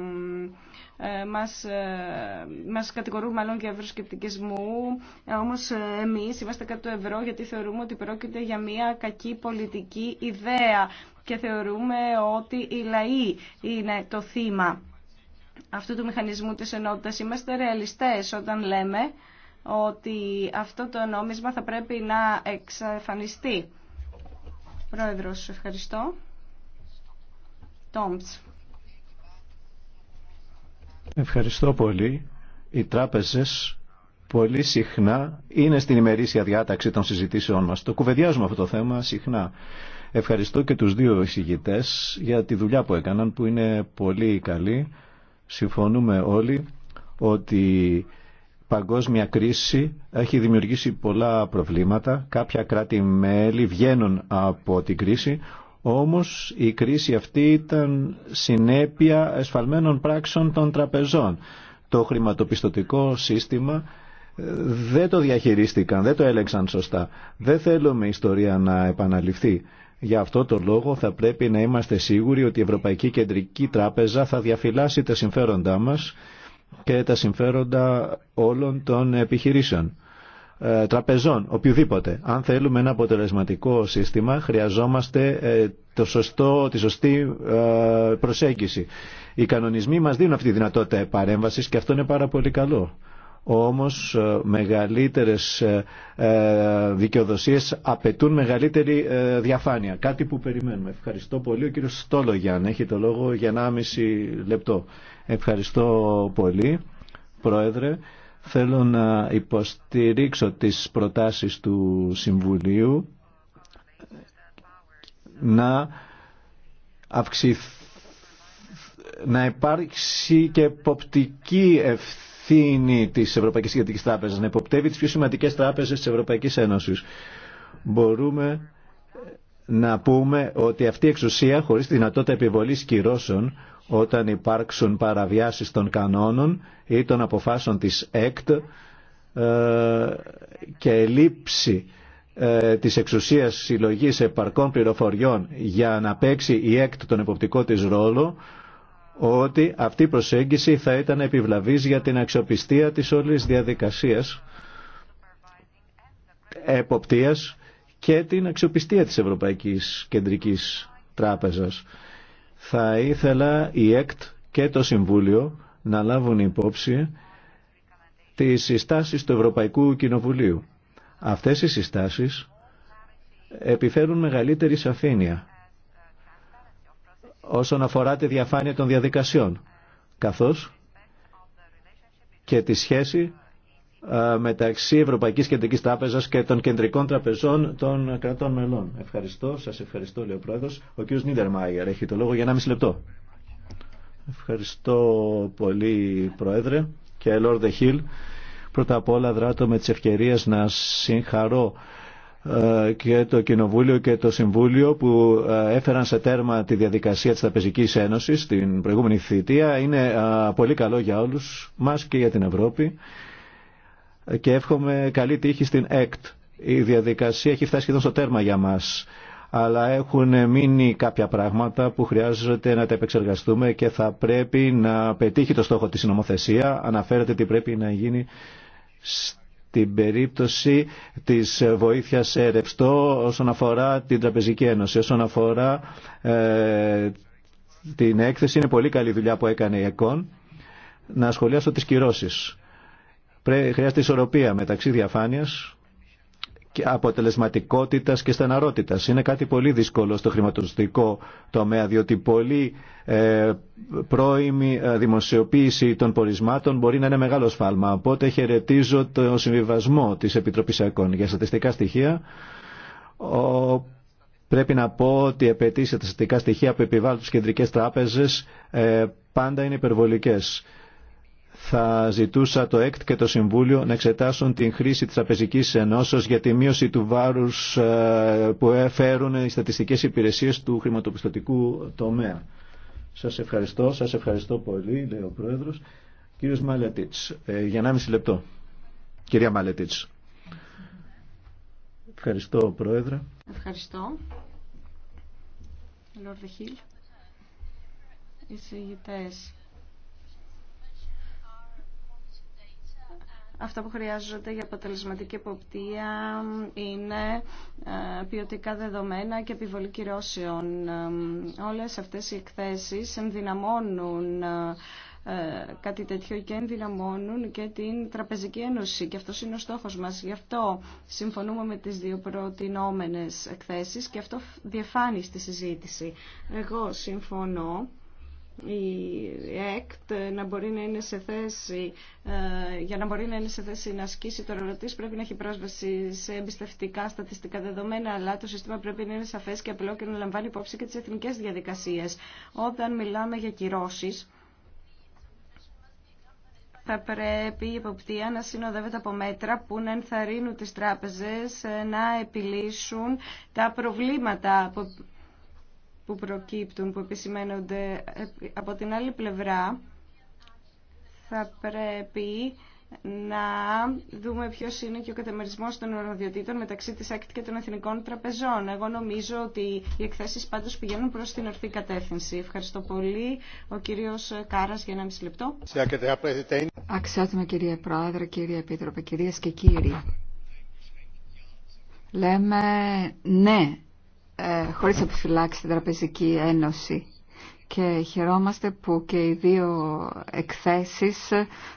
[SPEAKER 4] μας, ε, μας κατηγορούν μάλλον για ευρωσκεπτικισμού ε, όμως εμείς είμαστε κάτω ευρώ γιατί θεωρούμε ότι πρόκειται για μια κακή πολιτική ιδέα και θεωρούμε ότι οι λαοί είναι το θύμα αυτού του μηχανισμού της ενότητας. Είμαστε ρεαλιστές όταν λέμε ότι αυτό το νόμισμα θα πρέπει να εξαφανιστεί. Πρόεδρος, ευχαριστώ.
[SPEAKER 1] Ευχαριστώ πολύ. Οι τράπεζες πολύ συχνά είναι στην ημερήσια διάταξη των συζητήσεών μας. Το κουβεντιάζουμε αυτό το θέμα συχνά. Ευχαριστώ και τους δύο εισηγητές για τη δουλειά που έκαναν που είναι πολύ καλή. Συμφωνούμε όλοι ότι παγκόσμια κρίση έχει δημιουργήσει πολλά προβλήματα. Κάποια κράτη-μέλη βγαίνουν από την κρίση, όμως η κρίση αυτή ήταν συνέπεια εσφαλμένων πράξεων των τραπεζών. Το χρηματοπιστωτικό σύστημα ε, δεν το διαχειρίστηκαν, δεν το έλεγξαν σωστά. Δεν θέλουμε η ιστορία να επαναληφθεί. Για αυτό το λόγο θα πρέπει να είμαστε σίγουροι ότι η Ευρωπαϊκή Κεντρική Τράπεζα θα διαφυλάσει τα συμφέροντά μας και τα συμφέροντα όλων των επιχειρήσεων. Ε, τραπεζών, οποιοδήποτε. Αν θέλουμε ένα αποτελεσματικό σύστημα, χρειαζόμαστε ε, το σωστό, τη σωστή ε, προσέγγιση. Οι κανονισμοί μας δίνουν αυτή τη δυνατότητα παρέμβασης και αυτό είναι πάρα πολύ καλό. Όμως μεγαλύτερες δικαιοδοσίες απαιτούν μεγαλύτερη διαφάνεια. Κάτι που περιμένουμε. Ευχαριστώ πολύ. Ο κύριος Στόλογιάν έχει το λόγο για 1,5 λεπτό. Ευχαριστώ πολύ, Πρόεδρε. Θέλω να υποστηρίξω τις προτάσεις του Συμβουλίου να αυξηθεί να υπάρξει και εποπτική ευθύνη της Ευρωπαϊκής Κεντρικής Τράπεζας, να υποπτεύει τις πιο σημαντικές τράπεζες της Ευρωπαϊκής Ένωσης. Μπορούμε να πούμε ότι αυτή η εξουσία, χωρίς δυνατότητα επιβολής κυρώσεων, όταν υπάρξουν παραβιάσεις των κανόνων ή των αποφάσεων της ΕΚΤ ε, και λήψη ε, της εξουσίας συλλογής επαρκών πληροφοριών για να παίξει η ΕΚΤ τον εποπτικό της ρόλο ότι αυτή η προσέγγιση θα ήταν επιβλαβής για την αξιοπιστία της όλης διαδικασίας εποπτείας και την αξιοπιστία της Ευρωπαϊκής Κεντρικής Τράπεζας. Θα ήθελα η ΕΚΤ και το Συμβούλιο να λάβουν υπόψη τις συστάσεις του Ευρωπαϊκού Κοινοβουλίου. Αυτές οι συστάσεις επιφέρουν μεγαλύτερη σαφήνεια όσον αφορά τη διαφάνεια των διαδικασιών, καθώς και τη σχέση ε, μεταξύ Ευρωπαϊκής Κεντρικής Τράπεζας και των κεντρικών τραπεζών των κρατών μελών. Ευχαριστώ, σας ευχαριστώ λέει ο Πρόεδρος. Ο κ. Νίντερμάιερ έχει το λόγο για ένα μισή λεπτό. Ευχαριστώ πολύ Πρόεδρε και Λόρδε Χίλ. Πρώτα απ' όλα δράτω με τις ευκαιρίες να συγχαρώ ε, και το Κοινοβούλιο και το Συμβούλιο που ε, έφεραν σε τέρμα τη διαδικασία της Ταπεζικής Ένωσης την προηγούμενη θητεία. Είναι πολύ καλό για όλους μας και για την Ευρώπη και εύχομαι καλή τύχη στην ΕΚΤ. Η διαδικασία έχει φτάσει σχεδόν στο τέρμα για μας αλλά έχουν μείνει κάποια πράγματα που χρειάζεται να τα επεξεργαστούμε και θα πρέπει να πετύχει το στόχο της συνομοθεσία. Αναφέρεται τι πρέπει να γίνει στην περίπτωση της βοήθειας σε ρευστό όσον αφορά την Τραπεζική Ένωση, όσον αφορά ε, την έκθεση. Είναι πολύ καλή δουλειά που έκανε η ΕΚΟΝ. Να σχολιάσω τις κυρώσεις. Χρειάζεται ισορροπία μεταξύ διαφάνειας και αποτελεσματικότητας και στεναρότητας. Είναι κάτι πολύ δύσκολο στο χρηματοδοτικό τομέα, διότι πολύ ε, πρώιμη ε, δημοσιοποίηση των πορισμάτων μπορεί να είναι μεγάλο σφάλμα. Οπότε χαιρετίζω το συμβιβασμό της Επιτροπής ΑΚΟΝ για στατιστικά στοιχεία. Ο, πρέπει να πω ότι οι απαιτήσει στατιστικά στοιχεία που επιβάλλουν τις κεντρικές τράπεζες ε, πάντα είναι υπερβολικές θα ζητούσα το ΕΚΤ και το Συμβούλιο να εξετάσουν την χρήση της Τραπεζικής Ενώσεως για τη μείωση του βάρους ε, που ε, έφερουν οι στατιστικές υπηρεσίες του χρηματοπιστωτικού τομέα. Σας ευχαριστώ, σας ευχαριστώ πολύ, λέει ο Πρόεδρος. Κύριος Μαλετίτς, ε, για 1,5 λεπτό. Κυρία Μαλετίτς. Ευχαριστώ, Πρόεδρε.
[SPEAKER 4] Ευχαριστώ. Λόρδε Χίλ. Οι Αυτά που χρειάζονται για αποτελεσματική εποπτεία είναι ε, ποιοτικά δεδομένα και επιβολή κυρώσεων. Ε, όλες αυτές οι εκθέσεις ενδυναμώνουν ε, κάτι τέτοιο και ενδυναμώνουν και την Τραπεζική Ένωση και αυτός είναι ο στόχος μας. Γι' αυτό συμφωνούμε με τις δύο προτινόμενες εκθέσεις και αυτό διαφάνει στη συζήτηση. Εγώ συμφωνώ η ΕΚΤ να μπορεί να είναι σε θέση, ε, για να μπορεί να είναι σε θέση να ασκήσει το ρόλο πρέπει να έχει πρόσβαση σε εμπιστευτικά στατιστικά δεδομένα, αλλά το σύστημα πρέπει να είναι σαφές και απλό και να λαμβάνει υπόψη και τις εθνικές διαδικασίες. Όταν μιλάμε για κυρώσεις, θα πρέπει η εποπτεία να συνοδεύεται από μέτρα που να ενθαρρύνουν τις τράπεζες ε, να επιλύσουν τα προβλήματα που προκύπτουν, που επισημαίνονται. Ε, από την άλλη πλευρά, θα πρέπει να δούμε ποιος είναι και ο καταμερισμός των οροδιοτήτων μεταξύ της ΑΚΤ και των Εθνικών Τραπεζών. Εγώ νομίζω ότι οι εκθέσεις πάντως πηγαίνουν προς την ορθή κατεύθυνση. Ευχαριστώ πολύ. Ο κύριος Κάρας για ένα μισή λεπτό.
[SPEAKER 3] Αξιότιμα κυρία Πρόεδρε, κύριε Επίτροπε, κυρίε και κύριοι. Λέμε ναι ε, χωρίς επιφυλάξει την Τραπεζική Ένωση και χαιρόμαστε που και οι δύο εκθέσεις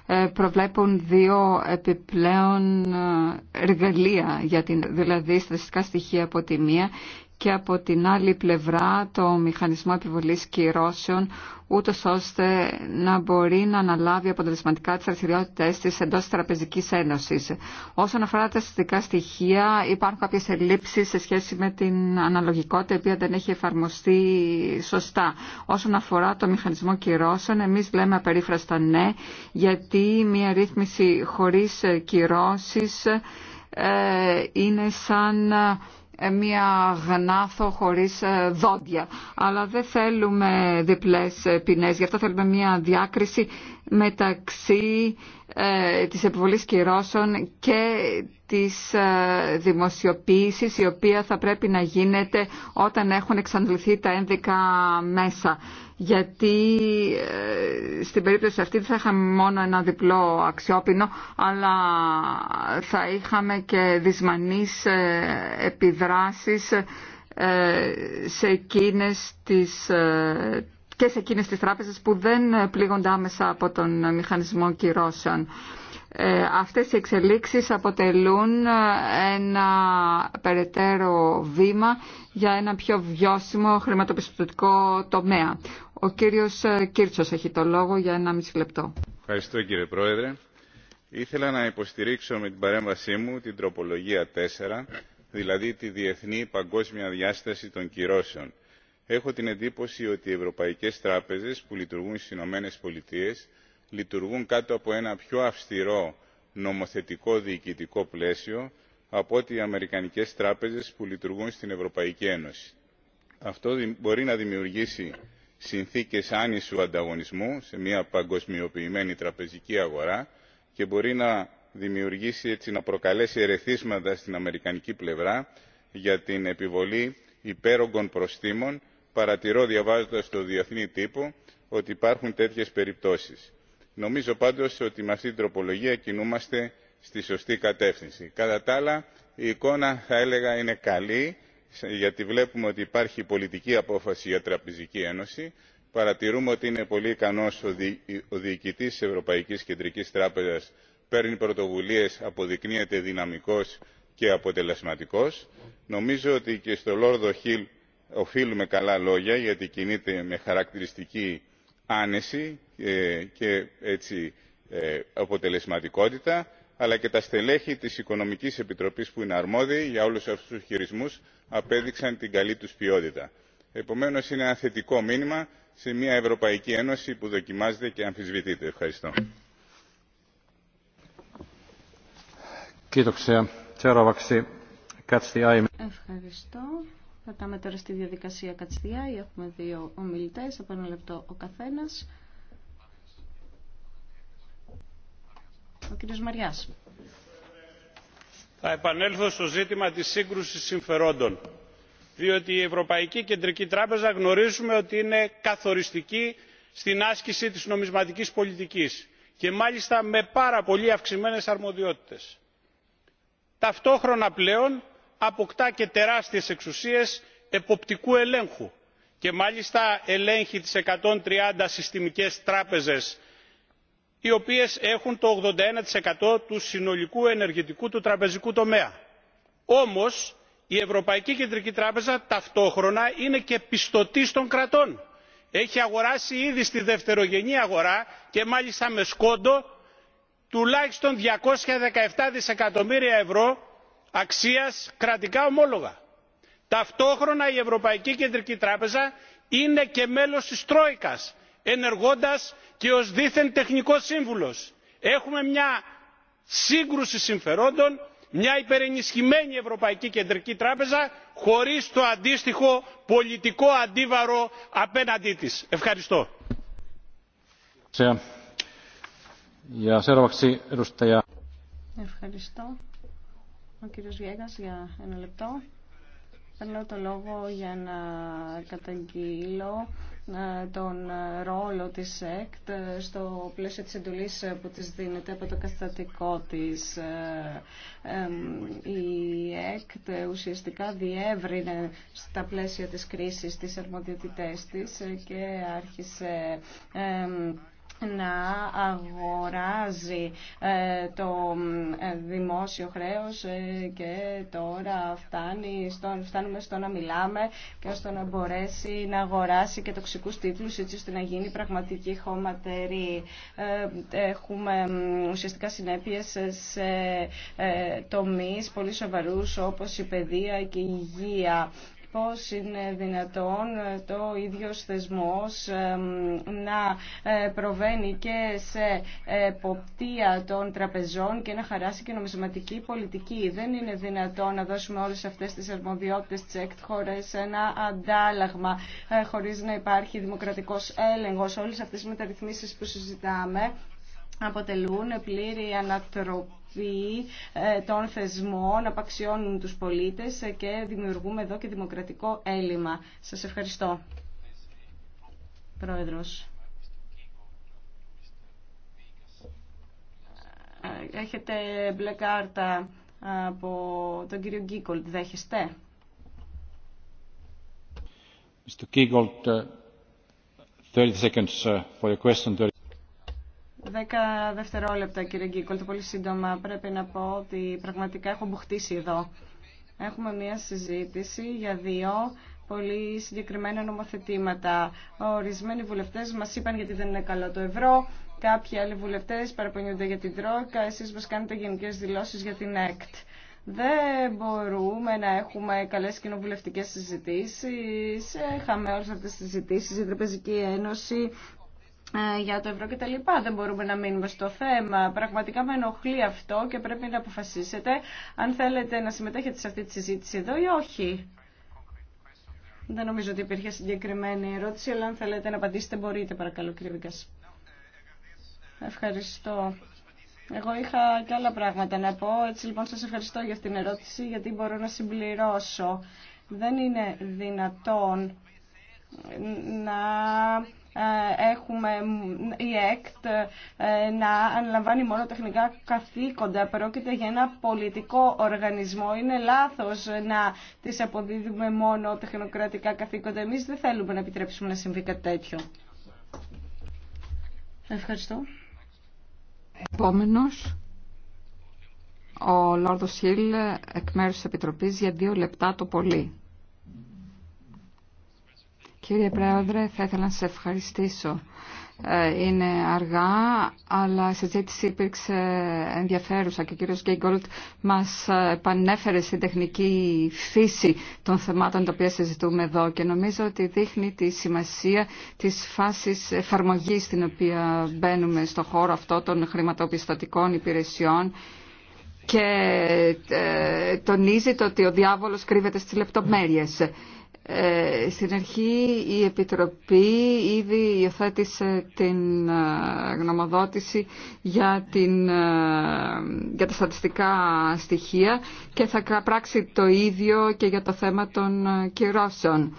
[SPEAKER 3] ε, προβλέπουν δύο επιπλέον ε, εργαλεία για την δηλαδή στατιστικά στοιχεία από τη μία και από την άλλη πλευρά το μηχανισμό επιβολής κυρώσεων, ούτως ώστε να μπορεί να αναλάβει αποτελεσματικά τις δραστηριότητε τη εντό της Τραπεζικής Ένωσης. Όσον αφορά τα συστατικά στοιχεία, υπάρχουν κάποιες ελλείψεις σε σχέση με την αναλογικότητα, η οποία δεν έχει εφαρμοστεί σωστά. Όσον αφορά το μηχανισμό κυρώσεων, εμείς λέμε απερίφραστα ναι, γιατί μια ρύθμιση χωρίς κυρώσεις ε, είναι σαν ε, μια γνάθο χωρίς ε, δόντια. Αλλά δεν θέλουμε διπλές ε, ποινές, γι' αυτό θέλουμε μια διάκριση μεταξύ ε, της επιβολής κυρώσεων και της ε, δημοσιοποίησης η οποία θα πρέπει να γίνεται όταν έχουν εξαντληθεί τα ένδικα μέσα. Γιατί ε, στην περίπτωση αυτή δεν θα είχαμε μόνο ένα διπλό αξιόπινο αλλά θα είχαμε και δυσμανείς επιδράσεις σε εκείνες τις και σε εκείνες τις τράπεζες που δεν ε, πλήγονται άμεσα από τον ε, μηχανισμό κυρώσεων. Ε, αυτές οι εξελίξεις αποτελούν ένα περαιτέρω βήμα για ένα πιο βιώσιμο χρηματοπιστωτικό τομέα. Ο κύριος Κίρτσος έχει το λόγο για ένα μισή λεπτό.
[SPEAKER 5] Ευχαριστώ κύριε Πρόεδρε. Ήθελα να υποστηρίξω με την παρέμβασή μου την τροπολογία 4, δηλαδή τη διεθνή παγκόσμια διάσταση των κυρώσεων έχω την εντύπωση ότι οι ευρωπαϊκές τράπεζες που λειτουργούν στις ηνωμένες πολιτείες λειτουργούν κάτω από ένα πιο αυστηρό νομοθετικό διοικητικό πλαίσιο από ότι οι αμερικανικές τράπεζες που λειτουργούν στην ευρωπαϊκή ένωση. αυτό μπορεί να δημιουργήσει συνθήκες άνισου ανταγωνισμού σε μια παγκοσμιοποιημένη τραπεζική αγορά και μπορεί να δημιουργήσει έτσι να προκαλέσει ερεθίσματα στην αμερικανική πλευρά για την επιβολή υπέρογκων προστίμων παρατηρώ διαβάζοντας τον διεθνή τύπο ότι υπάρχουν τέτοιες περιπτώσεις. νομίζω πάντως ότι με αυτή την τροπολογία κινούμαστε στη σωστή κατεύθυνση. κατά τα άλλα η εικόνα θα έλεγα είναι καλή γιατί βλέπουμε ότι υπάρχει πολιτική απόφαση για τραπεζική ένωση παρατηρούμε ότι είναι πολύ ικανός ο διοικητής της ευρωπαϊκής κεντρικής τράπεζας παίρνει πρωτοβουλίες αποδεικνύεται δυναμικός και αποτελεσματικός. νομίζω ότι και στο λόρδο χιλ οφείλουμε καλά λόγια γιατί κινείται με χαρακτηριστική άνεση και έτσι ε, αποτελεσματικότητα αλλά και τα στελέχη της οικονομικής επιτροπής που είναι αρμόδιοι για όλους αυτούς τους χειρισμούς απέδειξαν την καλή τους ποιότητα. επομένως είναι ένα θετικό μήνυμα σε μια ευρωπαϊκή ένωση που δοκιμάζεται και αμφισβητείται. ευχαριστώ.
[SPEAKER 4] Ευχαριστώ. Θα Περνάμε τώρα στη διαδικασία Κατστιάη. Έχουμε δύο ομιλητές, από ένα λεπτό ο καθένας. Ο κύριος Μαριάς.
[SPEAKER 2] Θα επανέλθω στο ζήτημα της σύγκρουσης συμφερόντων. Διότι η Ευρωπαϊκή Κεντρική Τράπεζα γνωρίζουμε ότι είναι καθοριστική στην άσκηση της νομισματικής πολιτικής και μάλιστα με πάρα πολύ αυξημένες αρμοδιότητες. Ταυτόχρονα πλέον αποκτά και τεράστιες εξουσίες εποπτικού ελέγχου και μάλιστα ελέγχει τις 130 συστημικές τράπεζες οι οποίες έχουν το 81% του συνολικού ενεργητικού του τραπεζικού τομέα. Όμως η Ευρωπαϊκή Κεντρική Τράπεζα ταυτόχρονα είναι και πιστωτής των κρατών. Έχει αγοράσει ήδη στη δευτερογενή αγορά και μάλιστα με σκόντο τουλάχιστον 217 δισεκατομμύρια ευρώ αξίας κρατικά ομόλογα. ταυτόχρονα η ευρωπαϊκή κεντρική τράπεζα είναι και μέλος της τρόικας ενεργώντας και ως δίθεν τεχνικός σύμβουλος. έχουμε μια σύγκρουση συμφερόντων μια υπερενισχυμένη ευρωπαϊκή κεντρική τράπεζα χωρίς το αντίστοιχο πολιτικό αντίβαρο απέναντί της. ευχαριστώ. Ευχαριστώ.
[SPEAKER 4] Ο κύριος Βιέγκας για ένα λεπτό. Παίρνω το λόγο για να καταγγείλω ε, τον ε, ρόλο της ΕΚΤ ε, στο πλαίσιο της εντολής που της δίνεται από το Καστατικό της. Η ΕΚΤ ουσιαστικά διεύρυνε στα πλαίσια της κρίσης τις αρμοδιότητές της και άρχισε να αγοράζει ε, το ε, δημόσιο χρέος ε, και τώρα φτάνει φτάνουμε στο να μιλάμε και ώστε να μπορέσει να αγοράσει και τοξικούς τίτλους έτσι ώστε να γίνει πραγματική χωματερή. Έχουμε ουσιαστικά συνέπειες σε τομείς πολύ σοβαρούς όπως η παιδεία και η υγεία πώς είναι δυνατόν το ίδιος θεσμός να ε, προβαίνει και σε εποπτεία των τραπεζών και να χαράσει και νομισματική πολιτική. Δεν είναι δυνατόν να δώσουμε όλες αυτές τις αρμοδιότητες της ΕΚΤ χωρίς ένα αντάλλαγμα, ε, χωρίς να υπάρχει δημοκρατικός έλεγχος. Όλες αυτές τις μεταρρυθμίσεις που συζητάμε αποτελούν πλήρη ανατροπή τον ε, των Θεσμών απαξιώνουν τους πολίτες ε, και δημιουργούμε εδώ και δημοκρατικό έλλειμμα. Σας ευχαριστώ. Πρόεδρος. Ε, έχετε μπλε κάρτα από τον κύριο Γκίκολτ. Δέχεστε.
[SPEAKER 2] Mr. Giegold, 30 uh, seconds uh, for your question.
[SPEAKER 4] Δέκα δευτερόλεπτα κύριε το πολύ σύντομα πρέπει να πω ότι πραγματικά έχω μπουχτήσει εδώ. Έχουμε μία συζήτηση για δύο πολύ συγκεκριμένα νομοθετήματα. Ορισμένοι βουλευτές μας είπαν γιατί δεν είναι καλό το ευρώ, κάποιοι άλλοι βουλευτές παραπονιούνται για την Τρόικα, εσείς μας κάνετε γενικές δηλώσεις για την ΕΚΤ. Δεν μπορούμε να έχουμε καλές κοινοβουλευτικές συζητήσεις. Έχαμε όλες αυτές τις συζητήσεις, η Τραπεζική Ένωση, ε, για το ευρώ και τα λοιπά. Δεν μπορούμε να μείνουμε στο θέμα. Πραγματικά με ενοχλεί αυτό και πρέπει να αποφασίσετε αν θέλετε να συμμετέχετε σε αυτή τη συζήτηση εδώ ή όχι. Δεν νομίζω ότι υπήρχε συγκεκριμένη ερώτηση, αλλά αν θέλετε να απαντήσετε μπορείτε παρακαλώ κύριε Βικάς. Ευχαριστώ. Εγώ είχα και άλλα πράγματα να πω, έτσι λοιπόν σας ευχαριστώ για αυτήν την ερώτηση, γιατί μπορώ να συμπληρώσω. Δεν είναι δυνατόν να ε, έχουμε η ΕΚΤ ε, να αναλαμβάνει μόνο τεχνικά καθήκοντα. Πρόκειται για ένα πολιτικό οργανισμό. Είναι λάθος να τις αποδίδουμε μόνο τεχνοκρατικά καθήκοντα. Εμείς δεν θέλουμε να επιτρέψουμε να συμβεί κάτι τέτοιο. Ευχαριστώ.
[SPEAKER 3] Επόμενος, ο Λόρδος Χίλ εκ μέρους της Επιτροπής για δύο λεπτά το πολύ. Κύριε Πρόεδρε, θα ήθελα να σας ευχαριστήσω. Ε, είναι αργά, αλλά η συζήτηση υπήρξε ενδιαφέρουσα και ο κύριος Γκέγκολτ μας επανέφερε στην τεχνική φύση των θεμάτων τα οποία συζητούμε εδώ και νομίζω ότι δείχνει τη σημασία της φάσης εφαρμογή στην οποία μπαίνουμε στο χώρο αυτό των χρηματοπιστωτικών υπηρεσιών και ε, τονίζει το ότι ο διάβολος κρύβεται στις λεπτομέρειες. Ε, στην αρχή η Επιτροπή ήδη υιοθέτησε την ε, γνωμοδότηση για, την, ε, για τα στατιστικά στοιχεία και θα πράξει το ίδιο και για το θέμα των κυρώσεων.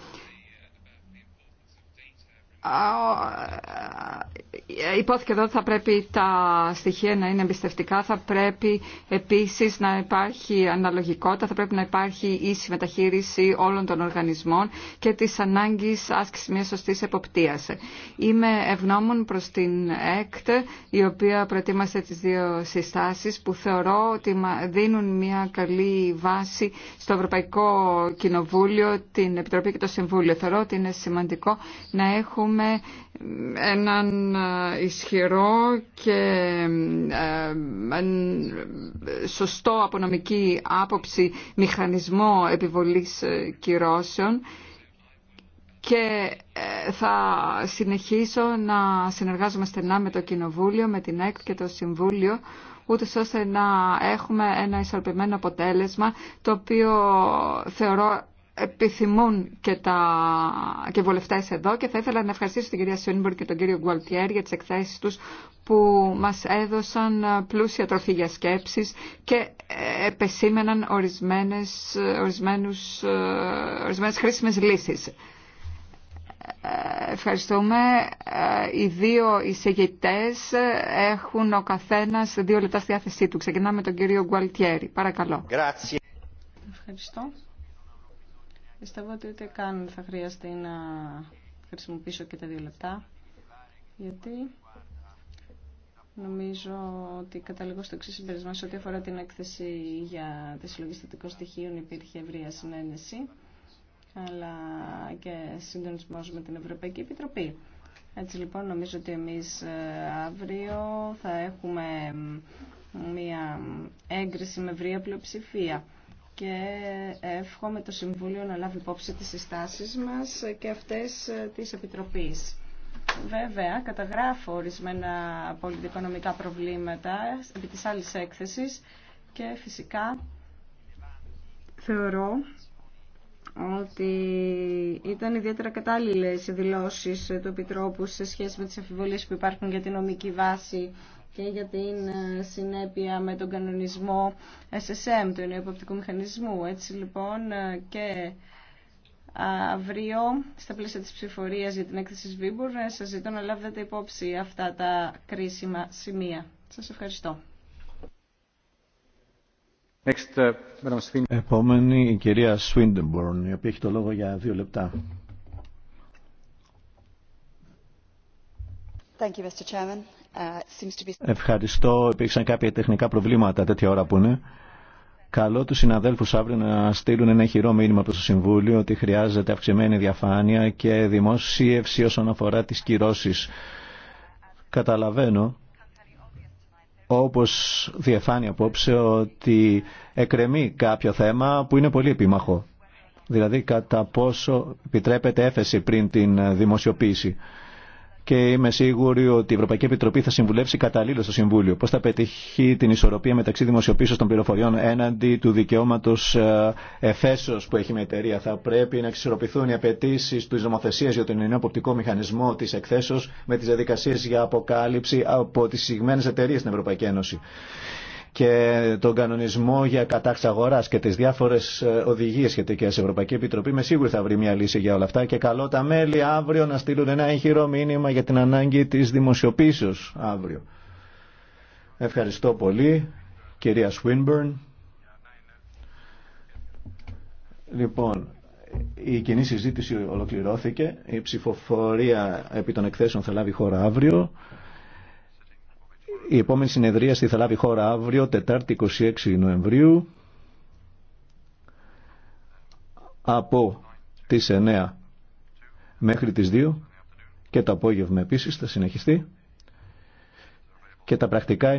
[SPEAKER 3] Ε, υπόθηκε εδώ ότι θα πρέπει τα στοιχεία να είναι εμπιστευτικά, θα πρέπει επίσης να υπάρχει αναλογικότητα, θα πρέπει να υπάρχει ίση μεταχείριση όλων των οργανισμών και της ανάγκης άσκησης μιας σωστής εποπτείας. Είμαι ευγνώμων προς την ΕΚΤ, η οποία προετοίμασε τις δύο συστάσεις που θεωρώ ότι δίνουν μια καλή βάση στο Ευρωπαϊκό Κοινοβούλιο, την Επιτροπή και το Συμβούλιο. Θεωρώ ότι είναι σημαντικό να έχουμε έχουμε έναν ε, ισχυρό και ε, σωστό από νομική άποψη μηχανισμό επιβολής ε, κυρώσεων και θα συνεχίσω να συνεργάζομαι στενά με το Κοινοβούλιο, με την ΕΚΤ και το Συμβούλιο ούτε ώστε να έχουμε ένα ισορροπημένο αποτέλεσμα το οποίο θεωρώ επιθυμούν και, τα... και βολευτές εδώ και θα ήθελα να ευχαριστήσω την κυρία Σιόνιμπορ και τον κύριο Γκουαλτιέρ για τις εκθέσεις τους που μας έδωσαν πλούσια τροφή για σκέψεις και ε, επεσήμεναν ορισμένες, ορισμένους, ε, ορισμένες χρήσιμες λύσεις. Ε, ευχαριστούμε. Οι δύο εισηγητές έχουν ο καθένας δύο λεπτά στη διάθεσή του. Ξεκινάμε με τον κύριο Γκουαλτιέρη. Παρακαλώ.
[SPEAKER 4] Ευχαριστώ. Πιστεύω ότι ούτε καν θα χρειαστεί να χρησιμοποιήσω και τα δύο λεπτά, γιατί νομίζω ότι καταλήγω στο εξή συμπερισμά ό,τι αφορά την έκθεση για τη συλλογή στατικών στοιχείων υπήρχε ευρεία συνένεση, αλλά και συντονισμό με την Ευρωπαϊκή Επιτροπή. Έτσι λοιπόν νομίζω ότι εμείς ε, αύριο θα έχουμε μία έγκριση με ευρεία πλειοψηφία και εύχομαι το Συμβούλιο να λάβει υπόψη τις συστάσεις μας και αυτές ε, της Επιτροπής. Βέβαια, καταγράφω ορισμένα πολιτικονομικά προβλήματα επί της άλλης έκθεσης και φυσικά θεωρώ ότι ήταν ιδιαίτερα κατάλληλες οι δηλώσεις του Επιτρόπου σε σχέση με τις αφιβολίες που υπάρχουν για την νομική βάση και για την ε, συνέπεια με τον κανονισμό SSM, του υποπτικού μηχανισμού. Έτσι λοιπόν ε, και αύριο στα πλαίσια της ψηφορίας για την έκθεση Σβίμπουρ ε, σας ζητώ να λάβετε υπόψη αυτά τα κρίσιμα σημεία. Σας ευχαριστώ.
[SPEAKER 1] Next, uh, Επόμενη η κυρία Σουίντεμπορν, η οποία έχει το λόγο για δύο λεπτά.
[SPEAKER 3] Thank you, Mr.
[SPEAKER 1] Ευχαριστώ. Υπήρξαν κάποια τεχνικά προβλήματα τέτοια ώρα που είναι. Καλώ του συναδέλφου αύριο να στείλουν ένα χειρό μήνυμα προ το Συμβούλιο ότι χρειάζεται αυξημένη διαφάνεια και δημοσίευση όσον αφορά τι κυρώσει. Καταλαβαίνω, όπω διαφάνει απόψε, ότι εκρεμεί κάποιο θέμα που είναι πολύ επίμαχο. Δηλαδή, κατά πόσο επιτρέπεται έφεση πριν την δημοσιοποίηση και είμαι σίγουρη ότι η Ευρωπαϊκή Επιτροπή θα συμβουλεύσει καταλήλω στο Συμβούλιο πώ θα πετυχεί την ισορροπία μεταξύ δημοσιοποίηση των πληροφοριών έναντι του δικαιώματο ε, εφέσεω που έχει με εταιρεία. Θα πρέπει να εξισορροπηθούν οι απαιτήσει τη νομοθεσία για τον ενιαίο αποπτικό μηχανισμό τη εκθέσεω με τι διαδικασίε για αποκάλυψη από τι συγμένε εταιρείε στην Ευρωπαϊκή Ένωση και τον κανονισμό για κατάξη αγορά και τι διάφορε ε, οδηγίε σχετικέ. Η Ευρωπαϊκή Επιτροπή με σίγουρη θα βρει μια λύση για όλα αυτά και καλό τα μέλη αύριο να στείλουν ένα έγχειρο μήνυμα για την ανάγκη τη δημοσιοποίηση αύριο. Ευχαριστώ πολύ, κυρία Σουίνμπερν. Λοιπόν, η κοινή συζήτηση ολοκληρώθηκε. Η ψηφοφορία επί των εκθέσεων θα λάβει χώρα αύριο. Η επόμενη συνεδρία στη θα χώρα αύριο, Τετάρτη 26 Νοεμβρίου, από τις 9 μέχρι τις 2 και το απόγευμα επίσης θα συνεχιστεί και τα πρακτικά